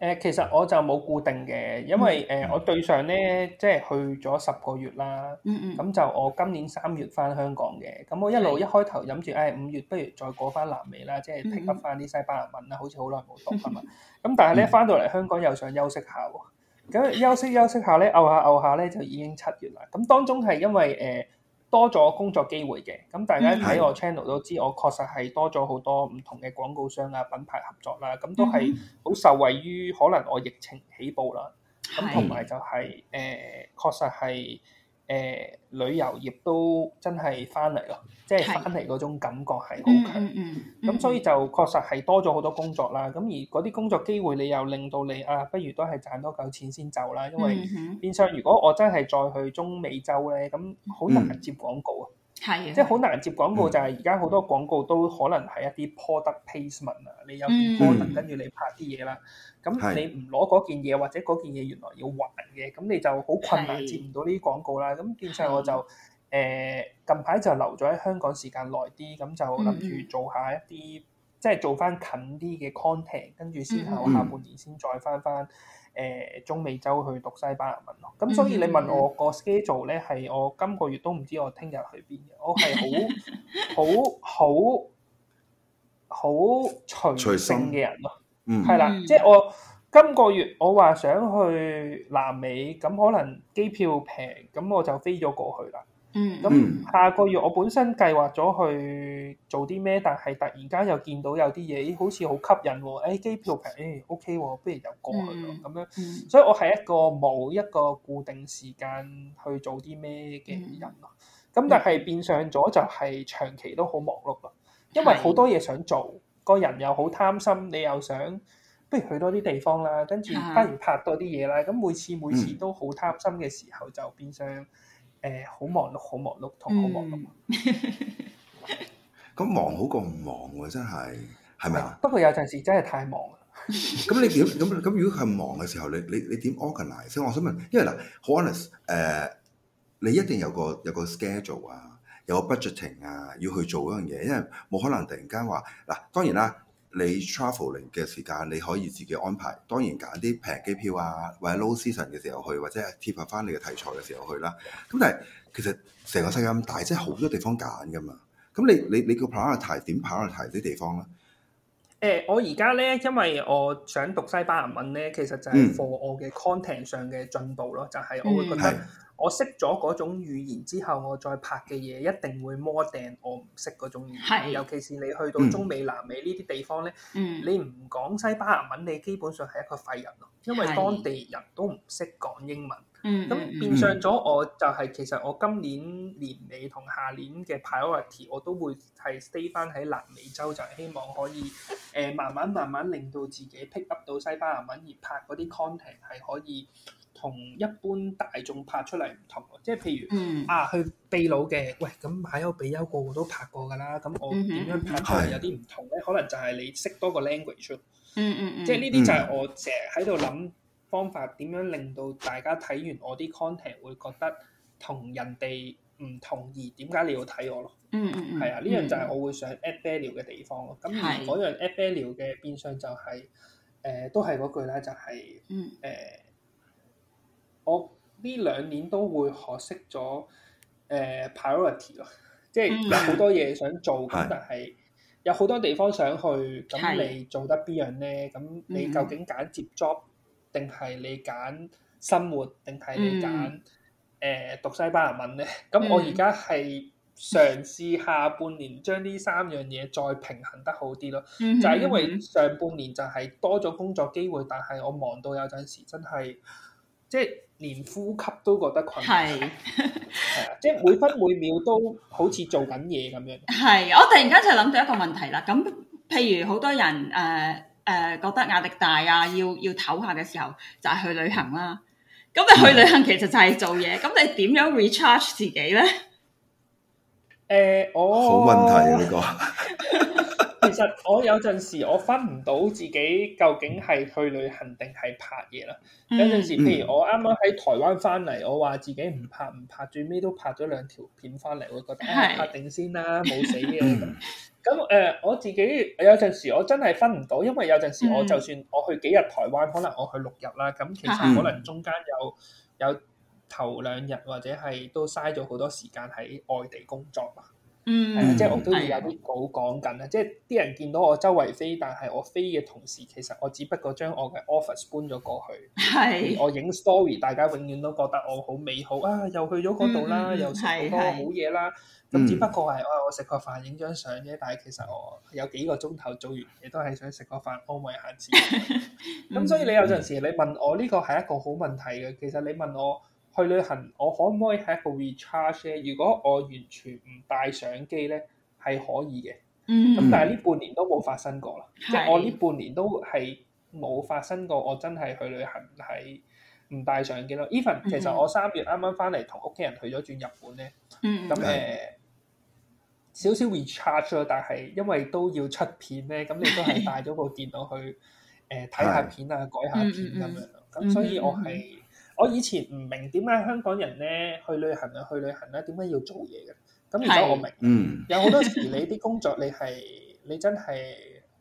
Speaker 3: 誒、呃、其實我就冇固定嘅，因為誒、呃、我對上咧，即係去咗十個月啦。嗯嗯。咁就我今年三月翻香港嘅，咁我一路一開頭諗住，誒、哎、五月不如再過翻南美啦，即係 pick up 翻啲西班牙文啦，好似好耐冇讀係嘛。咁、嗯嗯、但係咧，一翻到嚟香港又想休息下喎、啊。咁休息休息下咧，漚下漚下咧就已經七月啦。咁當中係因為誒、呃多咗工作機會嘅，咁大家睇我 channel 都知，我確實係多咗好多唔同嘅廣告商啊、品牌合作啦，咁都係好受惠於可能我疫情起步啦，咁同埋就係誒確實係。誒、呃、旅遊業都真係翻嚟咯，即係翻嚟嗰種感覺係好強，咁的所以就確實係多咗好多工作啦。咁而嗰啲工作機會，你又令到你啊，不如都係賺多嚿錢先走啦。因為、嗯、哼變相如果我真係再去中美洲咧，咁好難接廣告啊。嗯即係好難接廣告，嗯、就係而家好多廣告都可能係一啲 product placement 啊、嗯，你有件貨跟住你拍啲嘢啦，咁、嗯、你唔攞嗰件嘢的或者嗰件嘢原來要還嘅，咁你就好困難接唔到呢啲廣告啦。咁變相我就誒的、呃、近排就留咗喺香港時間耐啲，咁就諗住做一下一啲、嗯嗯、即係做翻近啲嘅 content 跟住之後下半年先再翻翻。誒、呃、中美洲去讀西班牙文咯，咁所以你問我個、嗯、schedule 咧，係我今個月都唔知我聽日去邊嘅，我係 好好好好隨性嘅人咯，嗯，係啦，即係我今個月我話想去南美，咁可能機票平，咁我就飛咗過去啦。嗯，咁下個月我本身計劃咗去做啲咩，但係突然間又見到有啲嘢，好似好吸引喎、哦！誒、哎、機票平，誒 O K，不如就過去咯咁、嗯、樣。嗯、所以我係一個冇一個固定時間去做啲咩嘅人咯。咁、嗯、但係變相咗就係長期都好忙碌咯，因為好多嘢想做，個人又好貪心，你又想不如去多啲地方啦，跟住不如拍多啲嘢啦。咁每次每次都好貪心嘅時候，就變相。誒好忙碌，好忙碌同
Speaker 1: 好忙碌。咁、嗯、 忙好過唔忙喎、啊，真係係咪啊？
Speaker 3: 不過有陣時真係太忙
Speaker 1: 咁你點？咁咁如果佢忙嘅時候，你你你點 organize？所以我想問，因為嗱，Honest、呃、你一定有個有個 schedule 啊，有個 budgeting 啊，要去做嗰樣嘢，因為冇可能突然間話嗱，當然啦。你 traveling 嘅時間你可以自己安排，當然揀啲平機票啊，或者 low season 嘅時候去，或者貼合翻你嘅題材嘅時候去啦。咁但係其實成個世界咁大，即係好多地方揀噶嘛。咁你你你叫 priorit 點 priorit 啲地方咧？
Speaker 3: 誒、呃，我而家咧，因為我想讀西班牙文咧，其實就係 for 我嘅 content 上嘅進步咯，嗯、就係我會覺得、嗯。我識咗嗰種語言之後，我再拍嘅嘢一定會摸定我唔識嗰種語言。是尤其是你去到中美南美呢啲地方咧，嗯、你唔講西班牙文，你基本上係一個廢人咯，因為當地人都唔識講英文。咁是變相咗，我就係、是、其實我今年年尾同下年嘅 priority，我都會係 stay 返喺南美洲，就係、是、希望可以誒、呃、慢慢慢慢令到自己 pick up 到西班牙文，而拍嗰啲 content 係可以。同一般大眾拍出嚟唔同咯，即係譬如、嗯、啊，去秘魯嘅，喂，咁馬丘比丘個個都拍過㗎啦，咁我點樣拍出嚟有啲唔同咧？可能就係你識多個 language，嗯嗯嗯，嗯嗯即係呢啲就係我成日喺度諗方法，點樣令到大家睇完我啲 content 會覺得同人哋唔同而點解你要睇我咯？嗯嗯，係、嗯嗯、啊，呢樣就係我會想 add value 嘅地方咯。咁嗰樣 add value 嘅變相就係、是、誒、呃，都係嗰句咧，就係、是、嗯、呃我呢兩年都會學識咗誒、呃、priority 咯，即係有好多嘢想做咁，嗯、但係有好多地方想去咁，的你做得邊樣咧？咁你究竟揀接 job 定係你揀生活，定係你揀誒、嗯呃、讀西班牙文咧？咁我而家係嘗試下半年將呢三樣嘢再平衡得好啲咯，嗯、哼就係因為上半年就係多咗工作機會，但係我忙到有陣時真係即係連呼吸都覺得困係，是 即係每分每秒都好似做緊嘢咁樣。
Speaker 2: 係，我突然間就諗到一個問題啦。咁譬如好多人誒誒、呃呃、覺得壓力大啊，要要唞下嘅時候就係、是、去旅行啦。咁你去旅行其實就係做嘢，咁、嗯、你點樣 recharge
Speaker 3: 自己咧？誒、 呃，我好問題呢、啊、個。 其實我有陣時我分唔到自己究竟係去旅行定係拍嘢啦。嗯、有陣時，譬如我啱啱喺台灣翻嚟，我話自己唔拍唔拍，最尾都拍咗兩條片翻嚟，會覺得啊，是我拍定先啦，冇死嘢。咁， 咁誒、呃，我自己有陣時我真係分唔到，因為有陣時我就算我去幾日台灣，嗯、可能我去六日啦，咁其實可能中間有有頭兩日或者係都嘥咗好多時間喺外地工作嘛。
Speaker 4: 嗯，即係我都要有
Speaker 3: 啲稿講緊啊！的即係啲人見到我周圍飛，但係我飛嘅同時，其實我只不過將我嘅 office 搬咗過去。係的，我影 story，大家永遠都覺得我好美好啊！又去咗嗰度啦，嗯、又食的好多好嘢啦。咁的只不過係、哎，我食個飯影張相啫。但係其實我有幾個鐘頭做完嘢，都係想食個飯安慰下自己。咁、 嗯、所以你有陣時你問我呢個係一個好問題嘅，其實你問我。 嗯 嗯去旅行，我可唔可以喺一個 recharge 咧？如果我完全唔帶相機咧，係可以嘅。咁但係呢半年都冇發生過啦，mm hmm. 即係我呢半年都係冇發生過。我真係去旅行係唔帶相機咯。Even 其實我三月啱啱翻嚟同屋企人去咗轉日本咧。咁誒、mm，少少 recharge 咯，但係因為都要出片咧，咁、嗯嗯、 你都係帶咗部電腦去誒睇、呃、下片啊，改下片咁、mm hmm. 樣咯。咁所以我係。我以前唔明點解香港人咧，去旅行啊，去旅行咧，點解要做嘢嘅？咁而家我明，
Speaker 4: 嗯， 有好多
Speaker 3: 時你啲工作你係你真係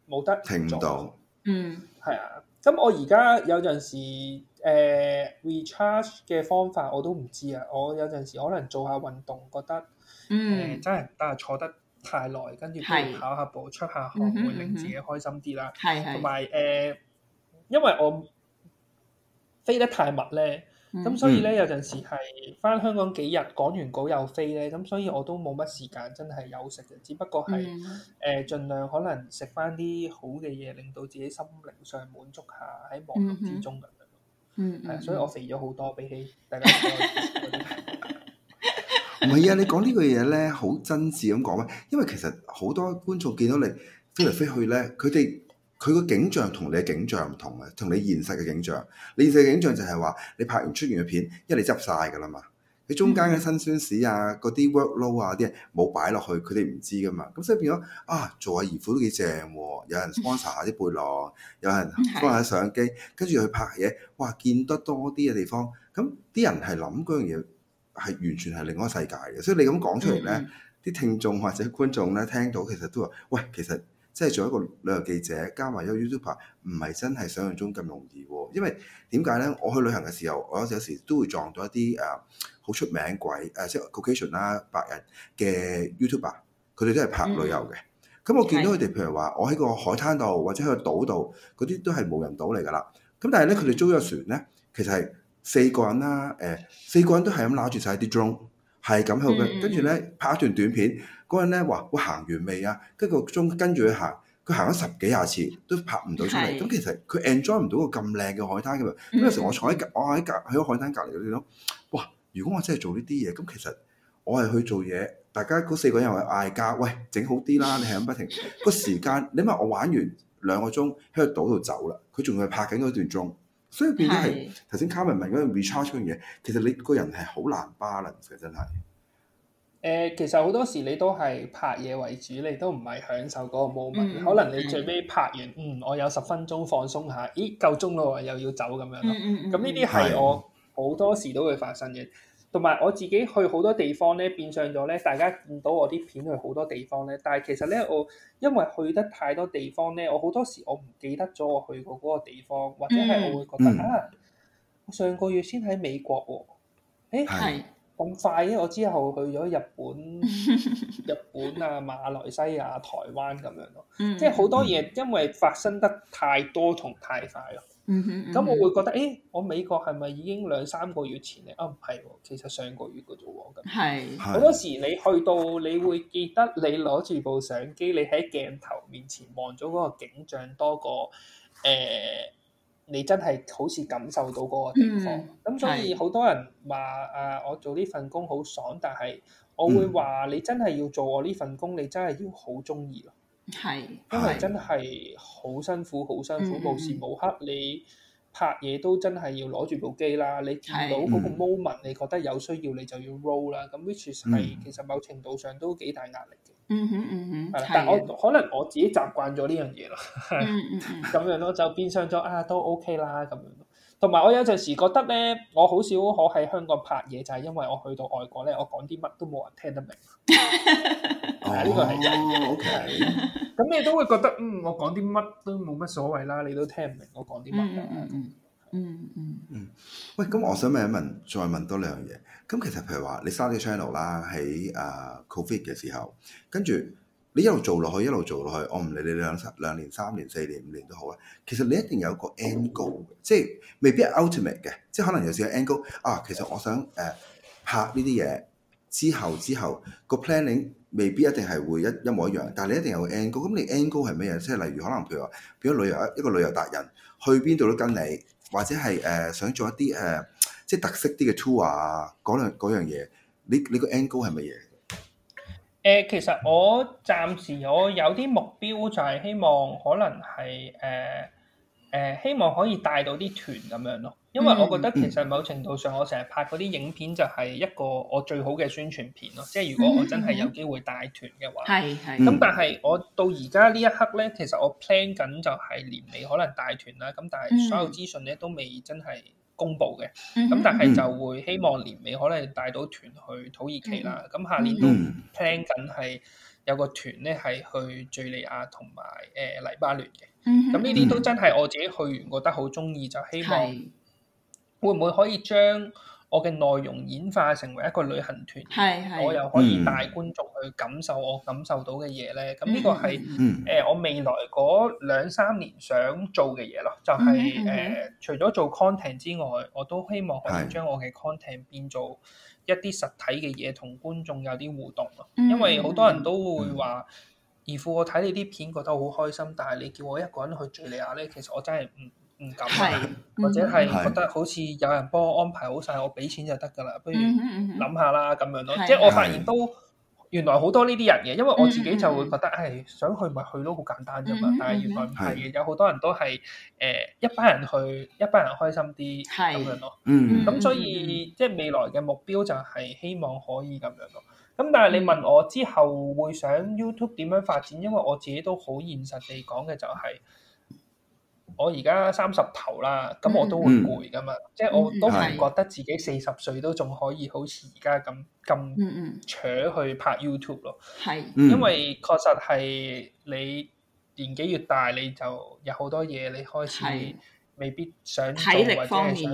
Speaker 3: 冇得停唔到，嗯，係啊。咁我而家有陣時，誒、呃、recharge 嘅方法我都唔知啊。我有陣時可能做下運動，覺得誒、嗯呃、真係唔得啊，坐得太耐，跟住去跑下步、是出下汗、嗯嗯、會令自己開心啲啦。係同埋誒，因為我飛得太密咧。呢
Speaker 4: 咁、嗯、所以咧，有
Speaker 3: 陣時係翻香港幾日講完稿又飛咧，咁所以我都冇乜時間真係休息嘅，只不過係誒、嗯呃、盡量可能食翻啲好嘅嘢，令到自己心靈上滿足下，喺忙碌之中咁樣咯。係、嗯嗯嗯、啊，所以我肥咗好多，比起大家。
Speaker 1: 唔係 啊，你講呢句嘢咧，好真摯咁講啊，因為其實好多觀眾見到你飛嚟飛去咧，佢哋。佢個景象同你嘅景象唔同嘅，同你現實嘅景象。你現實嘅景象就係話你拍完出完嘅片，一嚟執晒噶啦嘛。你中間嘅辛酸史啊，嗰啲 work load 啊，啲冇擺落去，佢哋唔知噶嘛。咁所以變咗啊，做下義父都幾正喎。有人幫查下啲背囊， 有人幫下相機，跟住去拍嘢。哇，見得多啲嘅地方，咁啲人係諗嗰樣嘢係完全係另一個世界嘅。所以你咁講出嚟呢，啲 聽眾或者觀眾呢，聽到其實都話：喂，其實。即係做一個旅遊記者，加埋一個 YouTuber，唔係真係想象中咁容易喎。因為點解咧？我去旅行嘅時候，我有時,有時都會撞到一啲誒好出名鬼誒，即係、uh, Caucasian 啦、啊、白人嘅 YouTuber，佢哋都係拍旅遊嘅。咁、嗯、我見到佢哋，譬如話，我喺個海灘度或者喺個島度，嗰啲都係無人島嚟㗎啦。咁但係咧，佢哋租咗船咧，其實係四個人啦，誒、uh, 四個人都係咁揦住晒啲 drone。係咁好嘅，跟住咧拍一段短片，嗰人咧話：我行完未啊？跟個鐘跟住佢行，佢行咗十幾廿次都拍唔到出嚟。咁其實佢 enjoy 唔到個咁靚嘅海灘㗎嘛。嗰有時我坐喺隔，我喺隔喺海灘隔離嗰啲咯。哇！如果我真係做呢啲嘢，咁其實我係去做嘢，大家嗰四個人我嗌交，喂，整好啲啦！你係咁不停個 時間，你諗下我玩完兩個鐘喺個島度走啦，佢仲係拍緊嗰段鐘。所以變咗係頭先 Carmen 問嗰個 recharge 嘅嘢，其實你個人係好難 balance 嘅，真係。
Speaker 3: 誒、呃，其實好多時你都係拍嘢為主，你都唔係享受嗰個 moment、嗯。可能你最尾拍完，嗯，嗯，我有十分鐘放鬆下，咦，夠鐘喇，又要走咁樣咯。咁呢啲係我好多時都會發生嘅。同埋我自己去好多地方咧，變相咗咧，大家見到我啲片去好多地方咧。但係其實咧，我因為去得太多地方咧，我好多時我唔記得咗我去過嗰個地方，或者係我會覺得、嗯、啊，我上個月先喺美國喎、哦，誒、欸、咁是快，因為我之後去咗日本、 日本啊、馬來西亞、台灣咁樣咯，即係好多嘢因為發生得太多同太快咯。嗯咁、嗯、我會覺得，誒，我美國係咪已經兩三個月前咧？啊、哦，唔係喎，其實上個月嘅啫喎。咁係好多時你去到，你會記得你攞住部相機，你喺鏡頭面前望咗嗰個景象多過誒、呃，你真係好似感受到嗰個地方。咁、嗯、所以好多人話是啊，我做呢份工好爽，但係我會話你真係要做我呢份工，你真係要好中意咯。係，因為真係好辛苦，好辛苦，無、嗯、時無刻你拍嘢都真係要攞住部機啦。是你見到嗰個 moment，你覺得有需要，你就要 roll 啦。咁是、嗯、which 係其實某程度上都幾大壓力嘅、
Speaker 4: 嗯。嗯哼嗯哼。啊、
Speaker 3: 是但我可能我自己習慣咗呢樣嘢啦。咁、嗯、 樣咯，就變相咗啊，都 OK 啦咁樣。同埋我有陣時覺得咧，我好少可喺香港拍嘢，就係、是、因為我去到外國咧，我講啲乜都冇人聽得明。 呢個係嘅。OK，咁 你都會覺得嗯，我講啲乜都冇乜所謂啦。你都聽唔明我講啲乜嘅。嗯嗯嗯
Speaker 1: 嗯嗯嗯喂，咁我想問一問，再問多兩樣嘢。咁其實譬如話你 start 啲 channel 啦，喺誒 Covid 嘅時候，跟住你一路做落去，一路做落去，我唔理你兩三兩年、三年、四年、五年都好啊。其實你一定有一個 angle，即係未必係 ultimate 嘅，即係可能有時嘅 angle 啊。其實我想誒拍呢啲嘢之後之後個 planning。未必一定係會一一模一樣，但係你一定有 N goal 咁你 N goal 係咩嘢？即係例如可能譬如話，變咗旅遊一一個旅遊達人，去邊度都跟你，或者係誒、呃、想做一啲誒、呃、即係特色啲嘅 tour 啊，嗰樣嘢。你你個 N goal 係乜嘢？
Speaker 3: 誒、呃，其實我暫時我有啲目標就係希望，可能係誒。呃誒、呃、希望可以帶到啲團咁樣咯，因為我覺得其實某程度上我成日拍嗰啲影片就係一個我最好嘅宣傳片咯，即係如果我真係有機會帶團嘅話，係係、嗯。咁但係我到而家呢一刻咧，其實我 plan 緊就係年尾可能帶團啦，咁但係所有資訊咧都未真係公布嘅，咁但係就會希望年尾可能帶到團去土耳其啦，咁下年都 plan 緊係。有個團咧係去敍利亞同埋誒黎巴嫩嘅，咁呢啲都真係我自己去完覺得好中意，就是、希望會唔會可以將我嘅內容演化成為一個旅行團，mm
Speaker 2: hmm. 我又可以帶
Speaker 3: 觀眾去感受我感受到嘅嘢咧。咁呢個係誒、mm hmm. 呃、我未來嗰兩三年想做嘅嘢咯，就係、是、誒、mm hmm. 呃、除咗做 content 之外，我都希望可以將我嘅 content、mm hmm. 變做，一啲實體嘅嘢，同觀眾有啲互動咯，因為好多人都會話怡富，嗯、我睇你啲片覺得好開心，但係你叫我一個人去敍利亞咧，其實我真係唔唔敢，或者係覺得好似有人幫我安排好晒，我俾錢就得噶啦，不如諗下啦咁樣咯，即係、嗯嗯嗯、我發現都。原來好多呢啲人嘅，因為我自己就會覺得，誒，想去咪去咯，好簡單啫嘛。但係原來唔係嘅，有好多人都係誒、呃、一班人去，一班人開心啲係咁樣咯。咁、嗯、所以即係、就是、未來嘅目標就係希望可以咁樣咯。咁但係你問我之後會想 YouTube 點樣發展，因為我自己都好現實地講嘅就係、是。我而家三十頭啦，咁我都會攰㗎嘛，嗯、即係我都唔覺得自己四十歲都仲可以好似而家咁咁扯去拍 YouTube 咯，係是，因為確實係你年紀越大，你就有好多嘢你開始。未必想做或者係想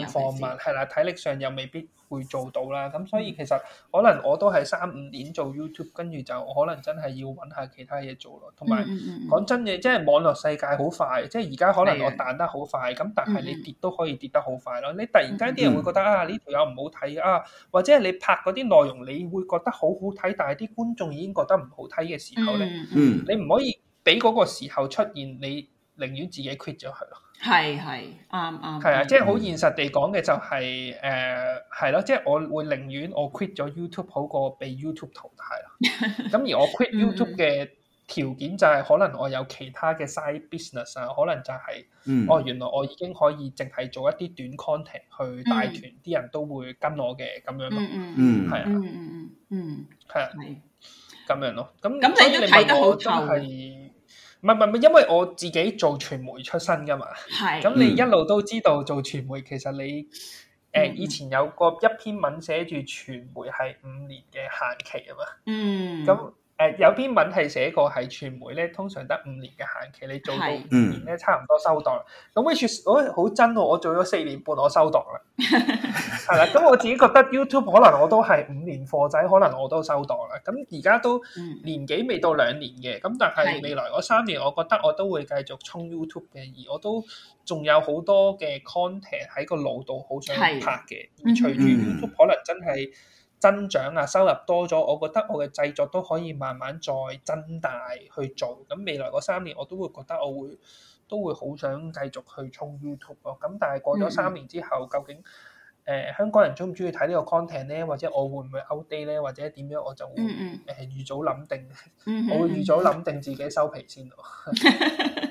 Speaker 3: 放物，係啦，體力上又未必會做到啦。咁所以其實可能我都係三五年做 YouTube，跟住就我可能真係要揾下其他嘢做咯。同埋講真嘅，即係網絡世界好快，即係而家可能我彈得好快，咁、嗯、但係你跌都可以跌得好快咯。你突然間啲人會覺得、嗯、啊呢條友唔好睇啊，或者係你拍嗰啲內容，你會覺得好好睇，但係啲觀眾已經覺得唔好睇嘅時候咧，嗯嗯嗯、你唔可以俾嗰個時候出現，你寧願自己 quit 咗佢咯。
Speaker 2: 係係，啱啱係啊，即係好
Speaker 3: 現實地講嘅就係誒，係咯，即、呃、係我會寧願我 quit 咗 YouTube 好過被 YouTube 淘汰啦。咁 được 他 satisfaction、 嗯、而我 quit YouTube 嘅條件就係可能我有其他嘅 side business 啊，可能就係、是嗯、哦，原來我已經可以淨係做一啲短 content 去帶團、嗯，啲人都會跟我嘅咁樣咯、嗯。嗯嗯的嗯，係、嗯、啊，嗯嗯嗯，係啊，咁樣咯。咁，咁你都睇得好透。唔係唔係，因為我自己做傳媒出身噶嘛，
Speaker 4: 咁係你一
Speaker 3: 路都知道做傳媒，其實你誒、呃嗯、以前有個一篇文寫住傳媒係五年嘅限期啊嘛，嗯，咁。誒、uh, 有篇文係寫過，係傳媒咧，通常得五年嘅限期，你做到五年咧，差唔多收檔。咁好似我好真喎，我做咗四年半，我收檔啦。係啦， 咁我自己覺得 YouTube 可能我都係五年貨仔，可能我都收檔啦。咁而家都年幾未到兩年嘅，咁但係未來嗰三年，我覺得我都會繼續衝 YouTube 嘅，而我都仲有好多嘅 content 喺個腦度好想拍嘅。是而隨住 YouTube 可能真係～增長啊，收入多咗，我覺得我嘅製作都可以慢慢再增大去做。咁未來嗰三年，我都會覺得我會都會好想繼續去衝 YouTube 咯。咁但係過咗三年之後，究竟誒香港人中唔中意睇呢個 content 咧，或者我會唔會 outdate 咧，或者點樣，我就會誒預早諗定。我會預早諗定自己收皮先咯。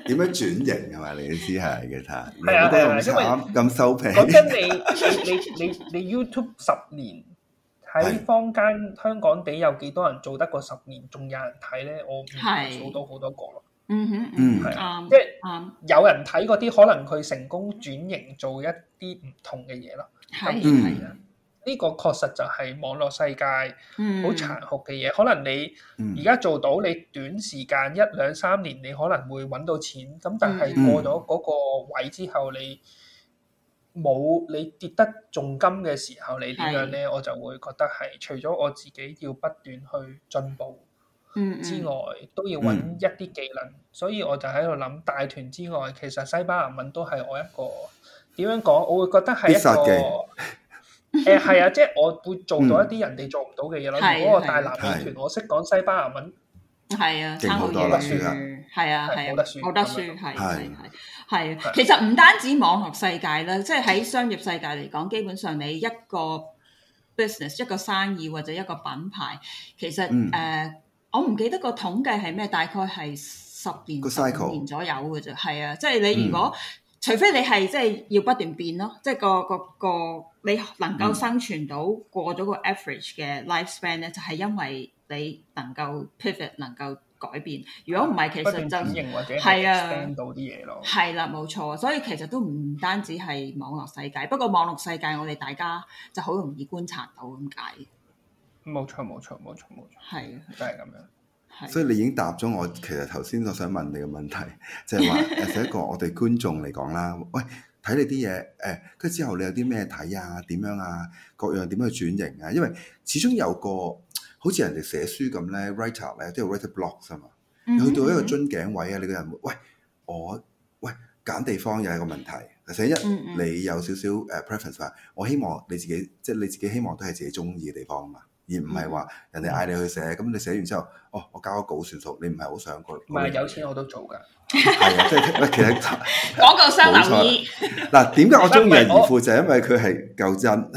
Speaker 1: 點樣轉型啊？嘛，你意思係嘅，睇你都咁慘，咁收皮。講
Speaker 3: 真，你你你你 YouTube 十年。喺坊間香港地有幾多人做得過十年，仲有人睇咧？我見好到好多個咯。嗯哼的，的嗯，啱的，嗯、即係有人睇嗰啲，可能佢成功轉型做一啲唔同嘅嘢咯。係，嗯，呢個確實就係網絡世界好殘酷嘅嘢。嗯、可能你而家做到你短時間一兩三年，你可能會揾到錢。咁但係過咗嗰個位之後，你。冇你跌得重金嘅時候，你點樣咧？我就會覺得係除咗我自己要不斷去進步，嗯、之外，都要揾一啲技能。所以我就喺度諗大團之外，其實西班牙文都係我一個點樣講？我會覺得係一個誒，係啊，即係我會做到一啲人哋做唔到嘅嘢咯。如果我大男團，我識講西班牙文，
Speaker 2: 係啊，
Speaker 4: 差好多啦，係
Speaker 2: 啊，係啊，冇得輸係係係。係啊，其實唔單止網絡世界啦，即係喺商業世界嚟講，基本上你一個 business 一個生意或者一個品牌，其實誒、嗯呃，我唔記得個統計係咩，大概係十年個 cycle 年左右嘅啫。係啊，即係你如果、嗯、除非你係即係要不斷變咯，即係個個,個你能夠生存到、嗯、過咗個 average 嘅 life span 咧，就係、是、因為你能夠 pivot 能夠。改變，如果唔係其實就係、嗯、
Speaker 4: 啊，到
Speaker 2: 啲嘢係啦，冇錯，所以其實都唔單止係網絡世界，不過網絡世界我哋大家就好容易觀察到咁解。冇錯，冇錯，
Speaker 3: 冇錯，冇錯、啊，係真係
Speaker 1: 咁樣。啊啊、所以你已經答咗我，其實頭先我想問你嘅問題，就係話，作為一個我哋觀眾嚟講啦，喂、 哎，睇你啲嘢，誒、哎，跟住之後你有啲咩睇啊？點樣啊？各樣點樣去轉型啊？因為始終有個。好似人哋寫書咁咧，write up 咧，即係 write a blog 啊嘛。
Speaker 4: 去、hmm. 到一個樽
Speaker 1: 頸位啊，你個人會，喂，我，喂，揀地方又係個問題。第一，你有少少誒 preference，我希望你自己，即係你自己希望都係自己中意嘅地方啊嘛，mm hmm. 而唔係話人哋嗌你去寫，咁你寫完之後，哦，我交個稿算數，你唔係好想個。唔係是我有錢我都做㗎，係啊，即係喂，其實廣
Speaker 3: 告 生意
Speaker 1: 嗱，點解、啊、我中意怡富 就係因為佢係夠真。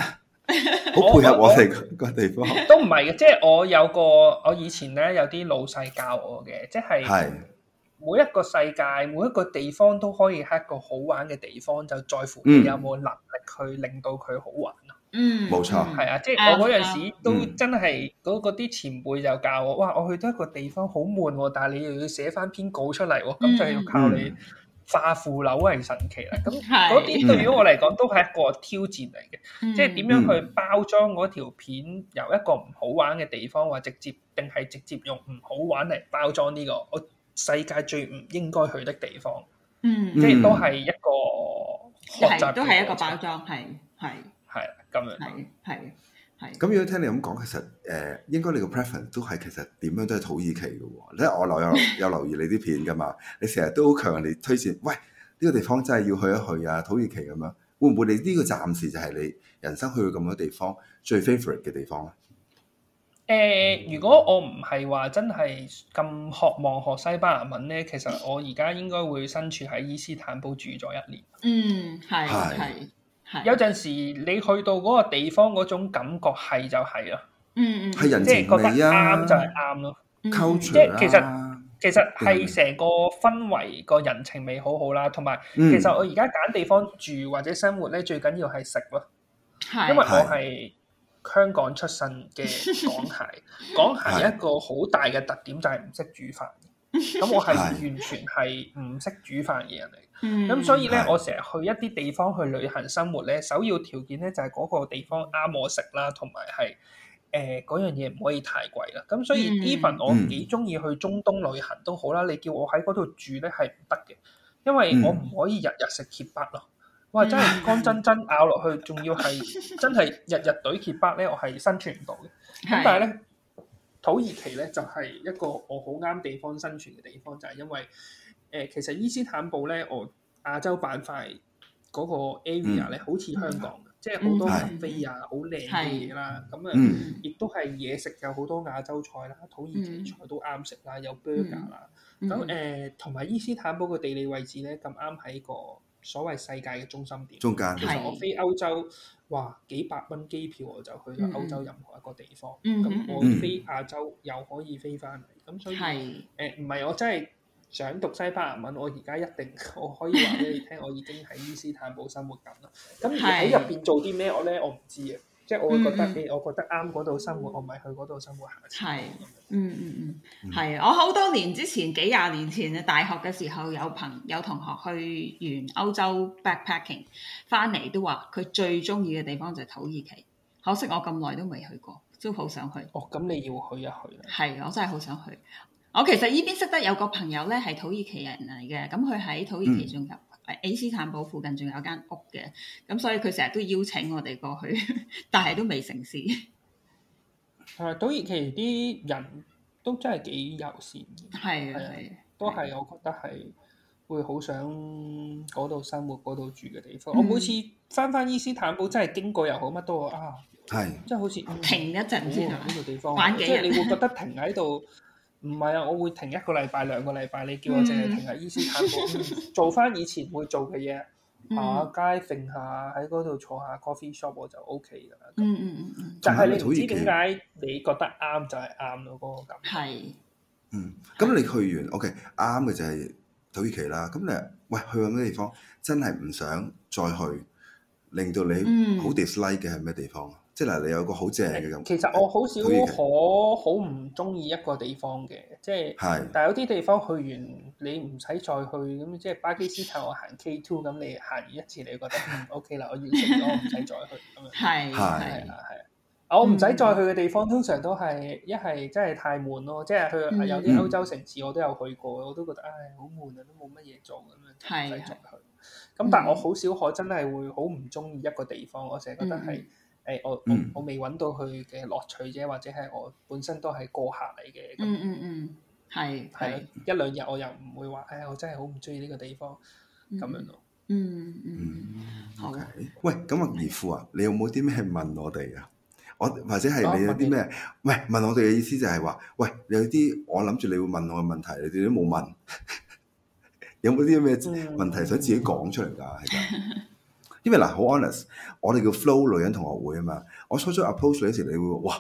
Speaker 1: 好配合我哋個地方，
Speaker 3: 都唔係嘅，即係我有個我以前咧有啲老細教我嘅，即係每一個世界每一個地方都可以係一個好玩嘅地方，就在乎你有冇能力去令到佢好玩咯。嗯、
Speaker 4: 冇、嗯、錯，係啊，即係我嗰陣時都
Speaker 3: 真係嗰啲前輩就教我，哇！我去到一個地方好悶、喎，但係你又要寫翻篇稿出嚟喎，咁、嗯、就係要靠你。嗯嗯化腐朽係神奇啦，咁嗰啲對於我嚟講都係一個挑戰嚟嘅， 即係點樣去包裝嗰條片由一個唔好玩嘅地方，或者直接定係直接用唔好玩嚟包裝呢個我世界最唔應該去的地方，
Speaker 4: 即係都係
Speaker 3: 一個學習，都係都係一個包裝，係係係咁樣，係。
Speaker 1: 咁如果聽你咁講，其實誒、呃、應該你個 preference 都係其實點樣都係土耳其嘅喎、啊。因為我留有有留意你啲片噶嘛， 你成日都好強人哋推薦，喂呢、呢個地方真係要去一去啊，土耳其咁樣，會唔會你呢個暫時就係你人生去過咁多地方最 favourite 嘅地方
Speaker 3: 咧？誒、呃，如果我唔係話真係咁渴望學西班牙文咧，其實我而家應該會身處喺伊斯坦堡住咗一年。嗯，係係。有陣時你去到嗰個地方嗰種感覺係就係咯，嗯嗯，
Speaker 2: 係人
Speaker 3: 情味啊，即係覺得啱就係啱咯，嗯、即係是、啊、其實其實係成個氛圍個人情味好好啦，同埋其實我而家揀地方住或者生活咧，最緊要係食咯，是因為我係香港出身嘅港孩， 港孩一個好大嘅特點就係唔識煮飯。咁 我係完全係唔識煮飯嘅人嚟，咁、 嗯、所以咧， 是我成日去一啲地方去旅行生活咧，首要條件咧就係、是、嗰個地方啱我食啦，同埋係誒嗰樣嘢唔可以太貴啦。咁所以 even、 嗯、我幾中意去中東旅行都好啦，你叫我喺嗰度住咧係唔得嘅，因為我唔可以日日食鉛筆咯。哇！ 真係乾真真咬落去，仲要係真係日日對鉛筆咧，我係生存唔到嘅。咁但係咧。土耳其咧就係、是、一個我好啱地方生存嘅地方，就係、是、因為誒、呃、其實伊斯坦堡咧，我、哦、亞洲板塊嗰個 area 咧，好似香港、嗯、即係好多 cafe 啊、嗯，好靚嘅嘢啦，咁啊，亦都係嘢食有好多亞洲菜啦，土耳其菜都啱食、嗯、啦，有 burger 啦，咁誒同埋伊斯坦堡嘅地理位置咧咁啱喺個。所謂世界嘅中心點，中間就是、其實我飛歐洲，哇，幾百蚊機票我就去到歐洲任何一個地方。咁、嗯、我飛亞洲又可以飛翻嚟。咁、嗯、所以誒，唔係是、呃、我真係想讀西班牙文，我而家一定我可以話俾你聽， 我已經喺伊斯坦堡生活緊啦。咁而喺入邊做啲咩？我咧我唔知嘅。即係我會、嗯、我覺得，誒，我覺得啱嗰度生活，嗯、我咪去嗰度生活
Speaker 2: 下。係是，嗯嗯嗯，係。我好多年之前，幾廿年前嘅大學嘅時候有朋有同學去完歐洲 backpacking，翻嚟都話佢最中意嘅地方就係土耳其。可惜我咁耐都未去過，都好想去。哦，咁你要去一去啦。係，我真係好想去。我其實呢邊識得有個朋友咧，係土耳其人嚟嘅，咁佢喺土耳其仲有、嗯。喺伊斯坦堡附近仲有間屋嘅，咁所以佢成日都邀請我哋過去，但係都未成事。係、啊，所以
Speaker 3: 其實啲人都真係幾友善嘅，係啊，都係我覺得係會好想嗰度生活、嗰度住嘅地方。嗯、我每次返返伊斯坦堡，C T B、o, 真係經過又好乜都啊，
Speaker 2: 係的，真係好似、嗯、停一陣先呢的說個
Speaker 3: 地方，即係你會覺得停喺度。唔係啊，我會停一個禮拜兩個禮拜，你叫我淨係停喺伊斯坦堡，做翻以前會做嘅嘢，行下、mm. 啊、街揈下，喺嗰度坐下 coffee shop 我就 OK 啦。嗯嗯嗯嗯。
Speaker 4: 但係、mm. 你唔知點解，
Speaker 3: 你覺得啱就係啱咯，嗰個感覺。係。嗯，
Speaker 1: 咁你去完 OK 啱嘅就係土耳其啦。咁你喂去咁多地方？真係唔想再去，令到你好 dislike 嘅係咩地方啊？Mm. 即係嗱，你有個好正嘅感覺。
Speaker 3: 其實我好少可好唔中意一個地方嘅，即係。係。但係有啲地方去完，你唔使再去咁。即係巴基斯坦，我行 K two，咁你行完一次，你覺得 O K 啦，我要咗，我唔使再去咁樣。係。係。係啊，我唔使再去嘅地方，通常都係一係真係太悶咯。即係去有啲歐洲城市，我都有去過，我都覺得唉，好悶啊，都冇乜嘢做咁樣，唔使再去。咁但係我好少可真係會好唔中意一個地方，我成日覺得係。誒、哎，我我我未揾到佢嘅樂趣啫，或者係我本身都係過客嚟嘅、嗯。嗯嗯嗯，係係的的一兩日、哎，我又唔會話係我真係好唔中意呢個地方咁、嗯、樣咯。嗯嗯，OK。喂，
Speaker 1: 咁阿兒父啊阿怡富，你有冇啲咩問我哋啊？我或者係你有啲咩？唔係問,問我哋嘅意思就係話，喂，有啲我諗住你會問我嘅問題，你哋都冇問。 有冇啲咩問題想自己講出嚟㗎？嗯 因為嗱，好 honest，我哋叫 flow 女人同學會啊嘛。我初初 approach 嗰時，你會哇，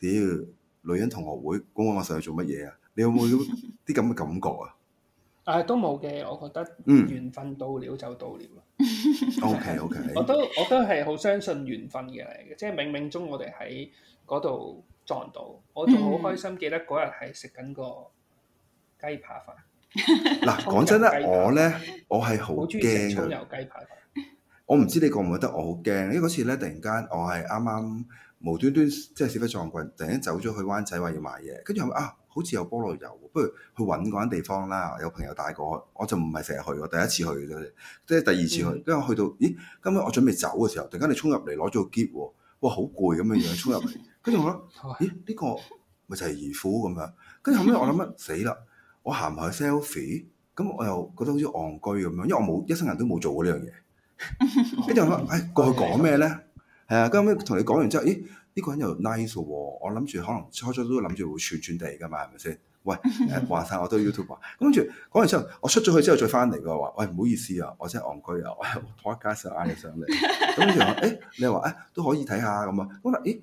Speaker 1: 屌，女人同學會，公公阿 Sir 去做乜嘢啊？你有冇啲咁嘅感覺啊？
Speaker 3: 啊，都冇嘅，我覺得，嗯，緣分到了就到了。OK，OK， 我都我都係好相信緣分嘅嚟嘅，即係冥冥中我哋喺嗰度撞到，我仲好開心，記得嗰日係食緊個雞扒飯。
Speaker 4: 嗱，講
Speaker 1: 真啦，我咧，我係好驚噶。我唔知你覺唔覺得我好驚，因為嗰次咧，突然間我係啱啱無端端即係小車撞棍，突然間走咗去灣仔，話要買嘢，跟住我話啊，好似有菠蘿油，不如去揾嗰間地方啦。有朋友帶過，我就唔係成日去，我第一次去啫，即係第二次去。跟住我去到咦，咁樣我準備走嘅時候，突然間你衝入嚟攞咗個喼喎，哇！好攰咁樣樣衝入嚟，跟住我諗咦，呢個咪就係怡富咁樣。跟住後尾我諗乜死啦，我行唔去 selfie，咁我又覺得好似戇居咁樣，因為我冇一生人都冇做過呢樣嘢。一直話誒過去講咩咧？係 啊，咁後尾同你講完之後，咦呢，這個人又 nice 喎。我諗住可能初初都諗住會串串地噶嘛，係咪先？喂，話、呃、曬我都 YouTube，跟住講完之後，我出咗去之後再翻嚟，佢話喂，唔好意思啊，我真係戇居啊，我 podcast 嗌你上嚟，咁樣誒，你話誒、哎、都可以睇下咁啊。嗰日咦，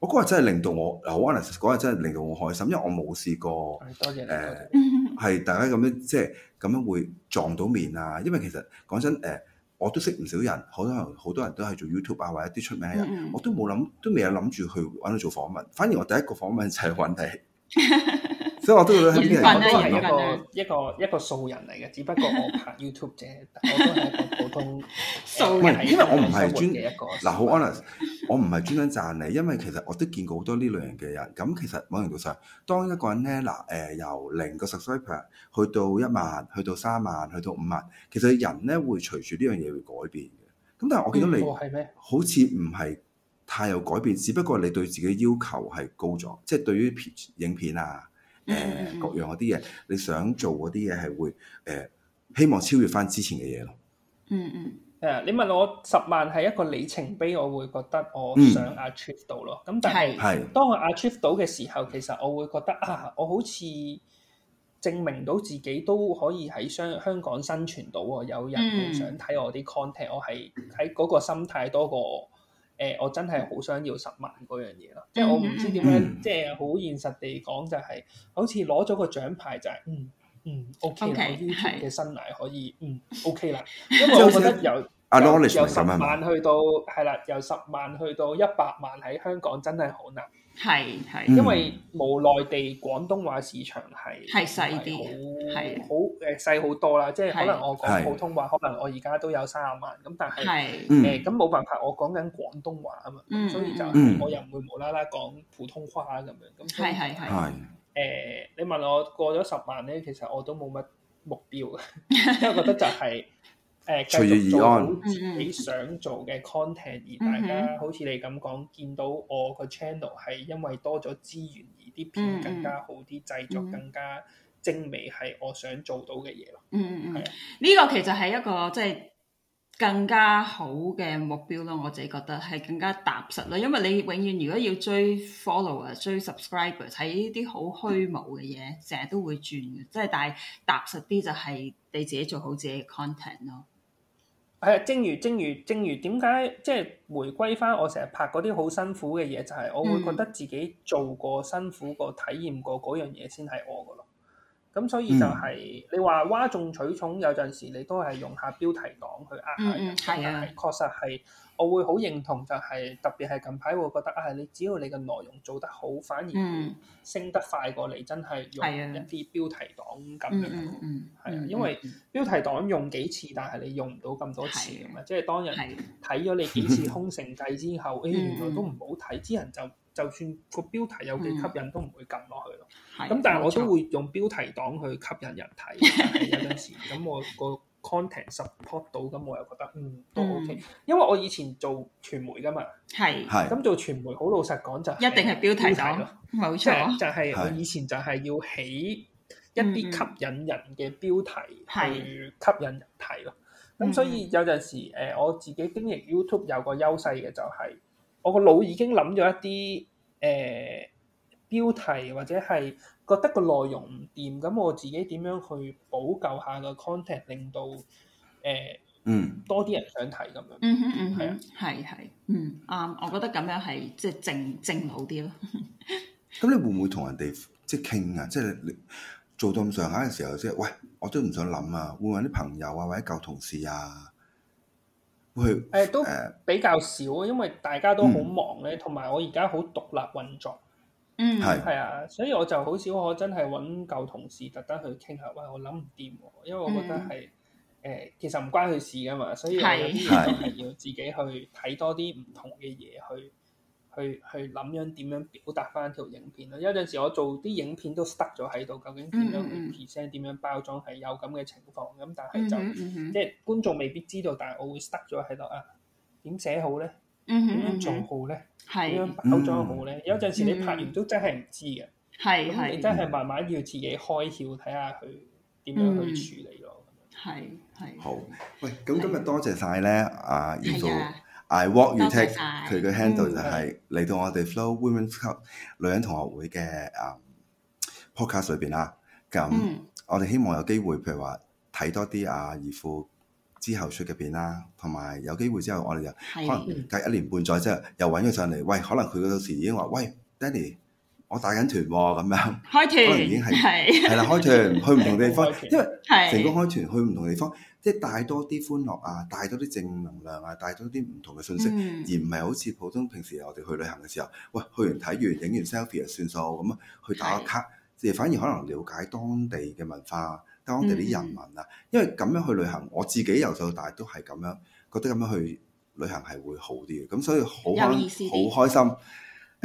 Speaker 1: 我嗰日真係令到我好，嗰日真係令到我開心，因為我冇試過多謝你！係、 呃、大家咁樣即係咁樣會撞到面啊。因為其實講真誒。我都識唔少人，好多好多人都係做 YouTube 啊，或者啲出名嘅人，mm hmm. 我都冇諗，都未有諗住去揾佢做訪問。反而我第一個訪問就係揾你。 所以我都喺邊嚟？我係、啊啊、一個一個一個素人嚟嘅，只不過我
Speaker 3: 拍 YouTube 啫， 我都係個普通 素人。因為我唔係專嘅一個。嗱，好
Speaker 1: honest， 我唔係專登讚你，因為其實我都見過好多呢類型嘅人。咁其實某程度上，當一個人咧，嗱、呃，誒、呃、由零個 subscriber 去到一萬，去到三萬，去到五萬，其實人咧會隨住呢樣嘢會改變嘅。咁但係我見到你，嗯、好似唔係太有改變，只不過你對自己要求係高咗，即係對於影片啊。誒、呃，各樣嗰啲嘢，你想做嗰啲嘢係會誒、呃，希望超越翻之前嘅嘢咯。嗯
Speaker 3: 嗯，誒，你問我十萬係一個里程碑，我會覺得我想 achieve 到咯。咁但係，當我 achieve 到嘅時候，其實我會覺得啊，我好似證明到自己都可以喺香香港生存到啊，有人想睇我啲 contact、嗯、我係喺嗰個心態多過。誒、欸，我真係好想要十萬嗰樣嘢咯，嗯、即係我唔知點樣，嗯、即係好現實地講就係、是，好似攞咗個獎牌就係、是，嗯嗯，OK，okay 我 YouTube 嘅生涯可以，okay，嗯，嗯 OK 啦，因為我覺得有。 啊 k
Speaker 1: n 由十萬
Speaker 3: 去到係啦，由十萬去到一百萬喺香港真係好難。係係，因為冇內地廣東話市場，係係細啲，好好誒細好多啦。即係可能我講普通話，可能我而家都有三十萬咁，但係誒咁冇辦法，我講緊廣東話啊嘛，所以就我又唔會無啦啦講普通話咁樣。係係係。誒，你問我過咗十萬咧，其實我都冇乜目標，因為覺得就係。誒，繼、呃、續做好自己想做嘅 content，而大家、mm hmm. 好似你咁講，見到我個 channel 係因為多咗資源而啲片更加好啲，製作更加精美，係我想做到嘅嘢咯。嗯嗯、mm，
Speaker 2: 呢、hmm. 啊、個其實係一個即係、就是、更加好嘅目標咯。我自己覺得係更加踏實咯，因為你永遠如果要追 follower、追 subscriber，睇呢啲好虛無嘅嘢，成日都會轉嘅。即係但係踏實啲就係
Speaker 3: 你自己做好自己嘅 content 咯。係啊，正如正如正如點解即係回歸翻我成日拍嗰啲好辛苦嘅嘢，就係、是、我會覺得自己做過辛苦過體驗過嗰樣嘢先係我噶咯。咁所以就係、是嗯、你話嘩眾取寵，有陣時你都係用下標題黨去呃下人，係、嗯嗯、確實係。我會好認同、就是，就係特別係近排我覺得啊，你只要你嘅內容做得好，反而升得快過你，真係用一啲標題黨咁樣，係啊的，因為標題黨用幾次，但係你用唔到咁多次㗎嘛。即係當人睇咗你幾次空城計之後，誒的、哎、原來都唔好睇，啲人就就算個標題有幾吸引，的都唔會撳落去咯。咁的但係我都會用標題黨去吸引人睇有陣時，咁我個。 content support 到咁，我又覺得嗯都 OK，因為我以前做傳媒噶嘛，係係咁做傳媒，好老實講就一定係標題黨咯，冇錯錯、就係，就係、是、我以前就係要起一啲吸引人嘅標題去吸引人睇咯。咁是所以有陣時誒、呃，我自己經營 YouTube 有個優勢嘅就係、是、我個腦已經諗咗一啲誒、呃、標題或者係。覺得個內容唔掂，咁我自己點樣去補救下個 content，令到誒、呃、嗯多啲人想睇咁樣，係啊嗯嗯，係
Speaker 2: 係嗎，嗯啱，我覺得咁樣係即係正正好啲咯。咁、
Speaker 1: 就是、 你會唔會同人哋即係傾啊？即係你做到咁上下嘅時候，即係喂，我都唔想諗啊，會唔會揾啲朋友啊，或者舊同事啊，會去、
Speaker 3: 呃、都比較少，呃、因為大家都好忙咧、啊，同埋、嗯、我而家好獨立運作。嗯，係、mm hmm. 啊，所以我就好少我真係揾舊同事特登去傾下，喂、哎，我諗唔掂，因為我覺得係誒、mm hmm. 呃，其實唔關佢事噶嘛，所以我有啲嘢真係要自己去睇多啲唔同嘅嘢， 去去去諗樣點樣表達翻條影片咯。有陣時我做啲影片都 stuck 咗喺度，究竟點樣去 present，點、mm hmm. 樣包裝係有咁嘅情況，咁但係就、mm hmm. 即係觀眾未必知道，但係我會 stuck 咗喺度啊，點寫好咧？嗯哼，點樣做好咧？點樣拍好好咧？有陣時你拍完都真係唔知嘅，係係，真係慢慢要自己開竅睇下佢點樣去處理咯。係係。
Speaker 1: 好，喂，咁今日多謝晒咧，阿怡富，iwalkutake 佢嘅 handle 就係嚟到我哋 Flo Women's Club 女人同學會嘅啊，podcast 裏邊啦。咁我哋希望有機會，譬如話睇多啲阿怡富之後出嘅片啦、啊，同埋有，有機會之後，我哋就可能隔一年半載之後，又揾佢上嚟。喂，可能佢嗰時已經話，喂，Danny，我帶緊團喎、啊，咁樣
Speaker 4: 開團，可能已經係係啦，
Speaker 1: 開團 去唔同地方，因
Speaker 4: 為成
Speaker 1: 功開團去唔同地方，即係的帶多啲歡樂啊，帶多啲正能量啊，帶多啲唔同嘅信息，嗯、而唔係好似普通平時我哋去旅行嘅時候，喂，去完睇完影完 selfie 就算數咁啊，樣去打個卡，而的反而可能了解當地嘅文化。當地啲人民啊，因為咁樣去旅行，我自己由細到大都係咁樣，覺得咁樣去旅行係會好啲嘅。咁所以好有意思，好開心。誒、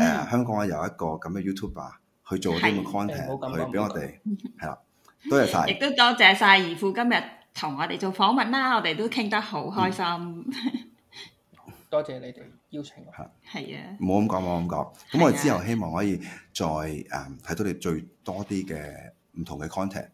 Speaker 1: 嗯，香港啊，有一個咁嘅 YouTuber 去做啲咁嘅 c o n t a c t 是去俾我哋，係啦，多謝晒，亦
Speaker 2: 都多謝晒姨父今日同我哋做訪問啦、啊，我哋都傾得好開心。嗯、
Speaker 3: 多謝你哋邀請我，係係
Speaker 1: 啊，唔好咁講，冇咁講。咁的我哋之後希望可以再誒睇、嗯、到你最多啲嘅唔同嘅 c o n t a c t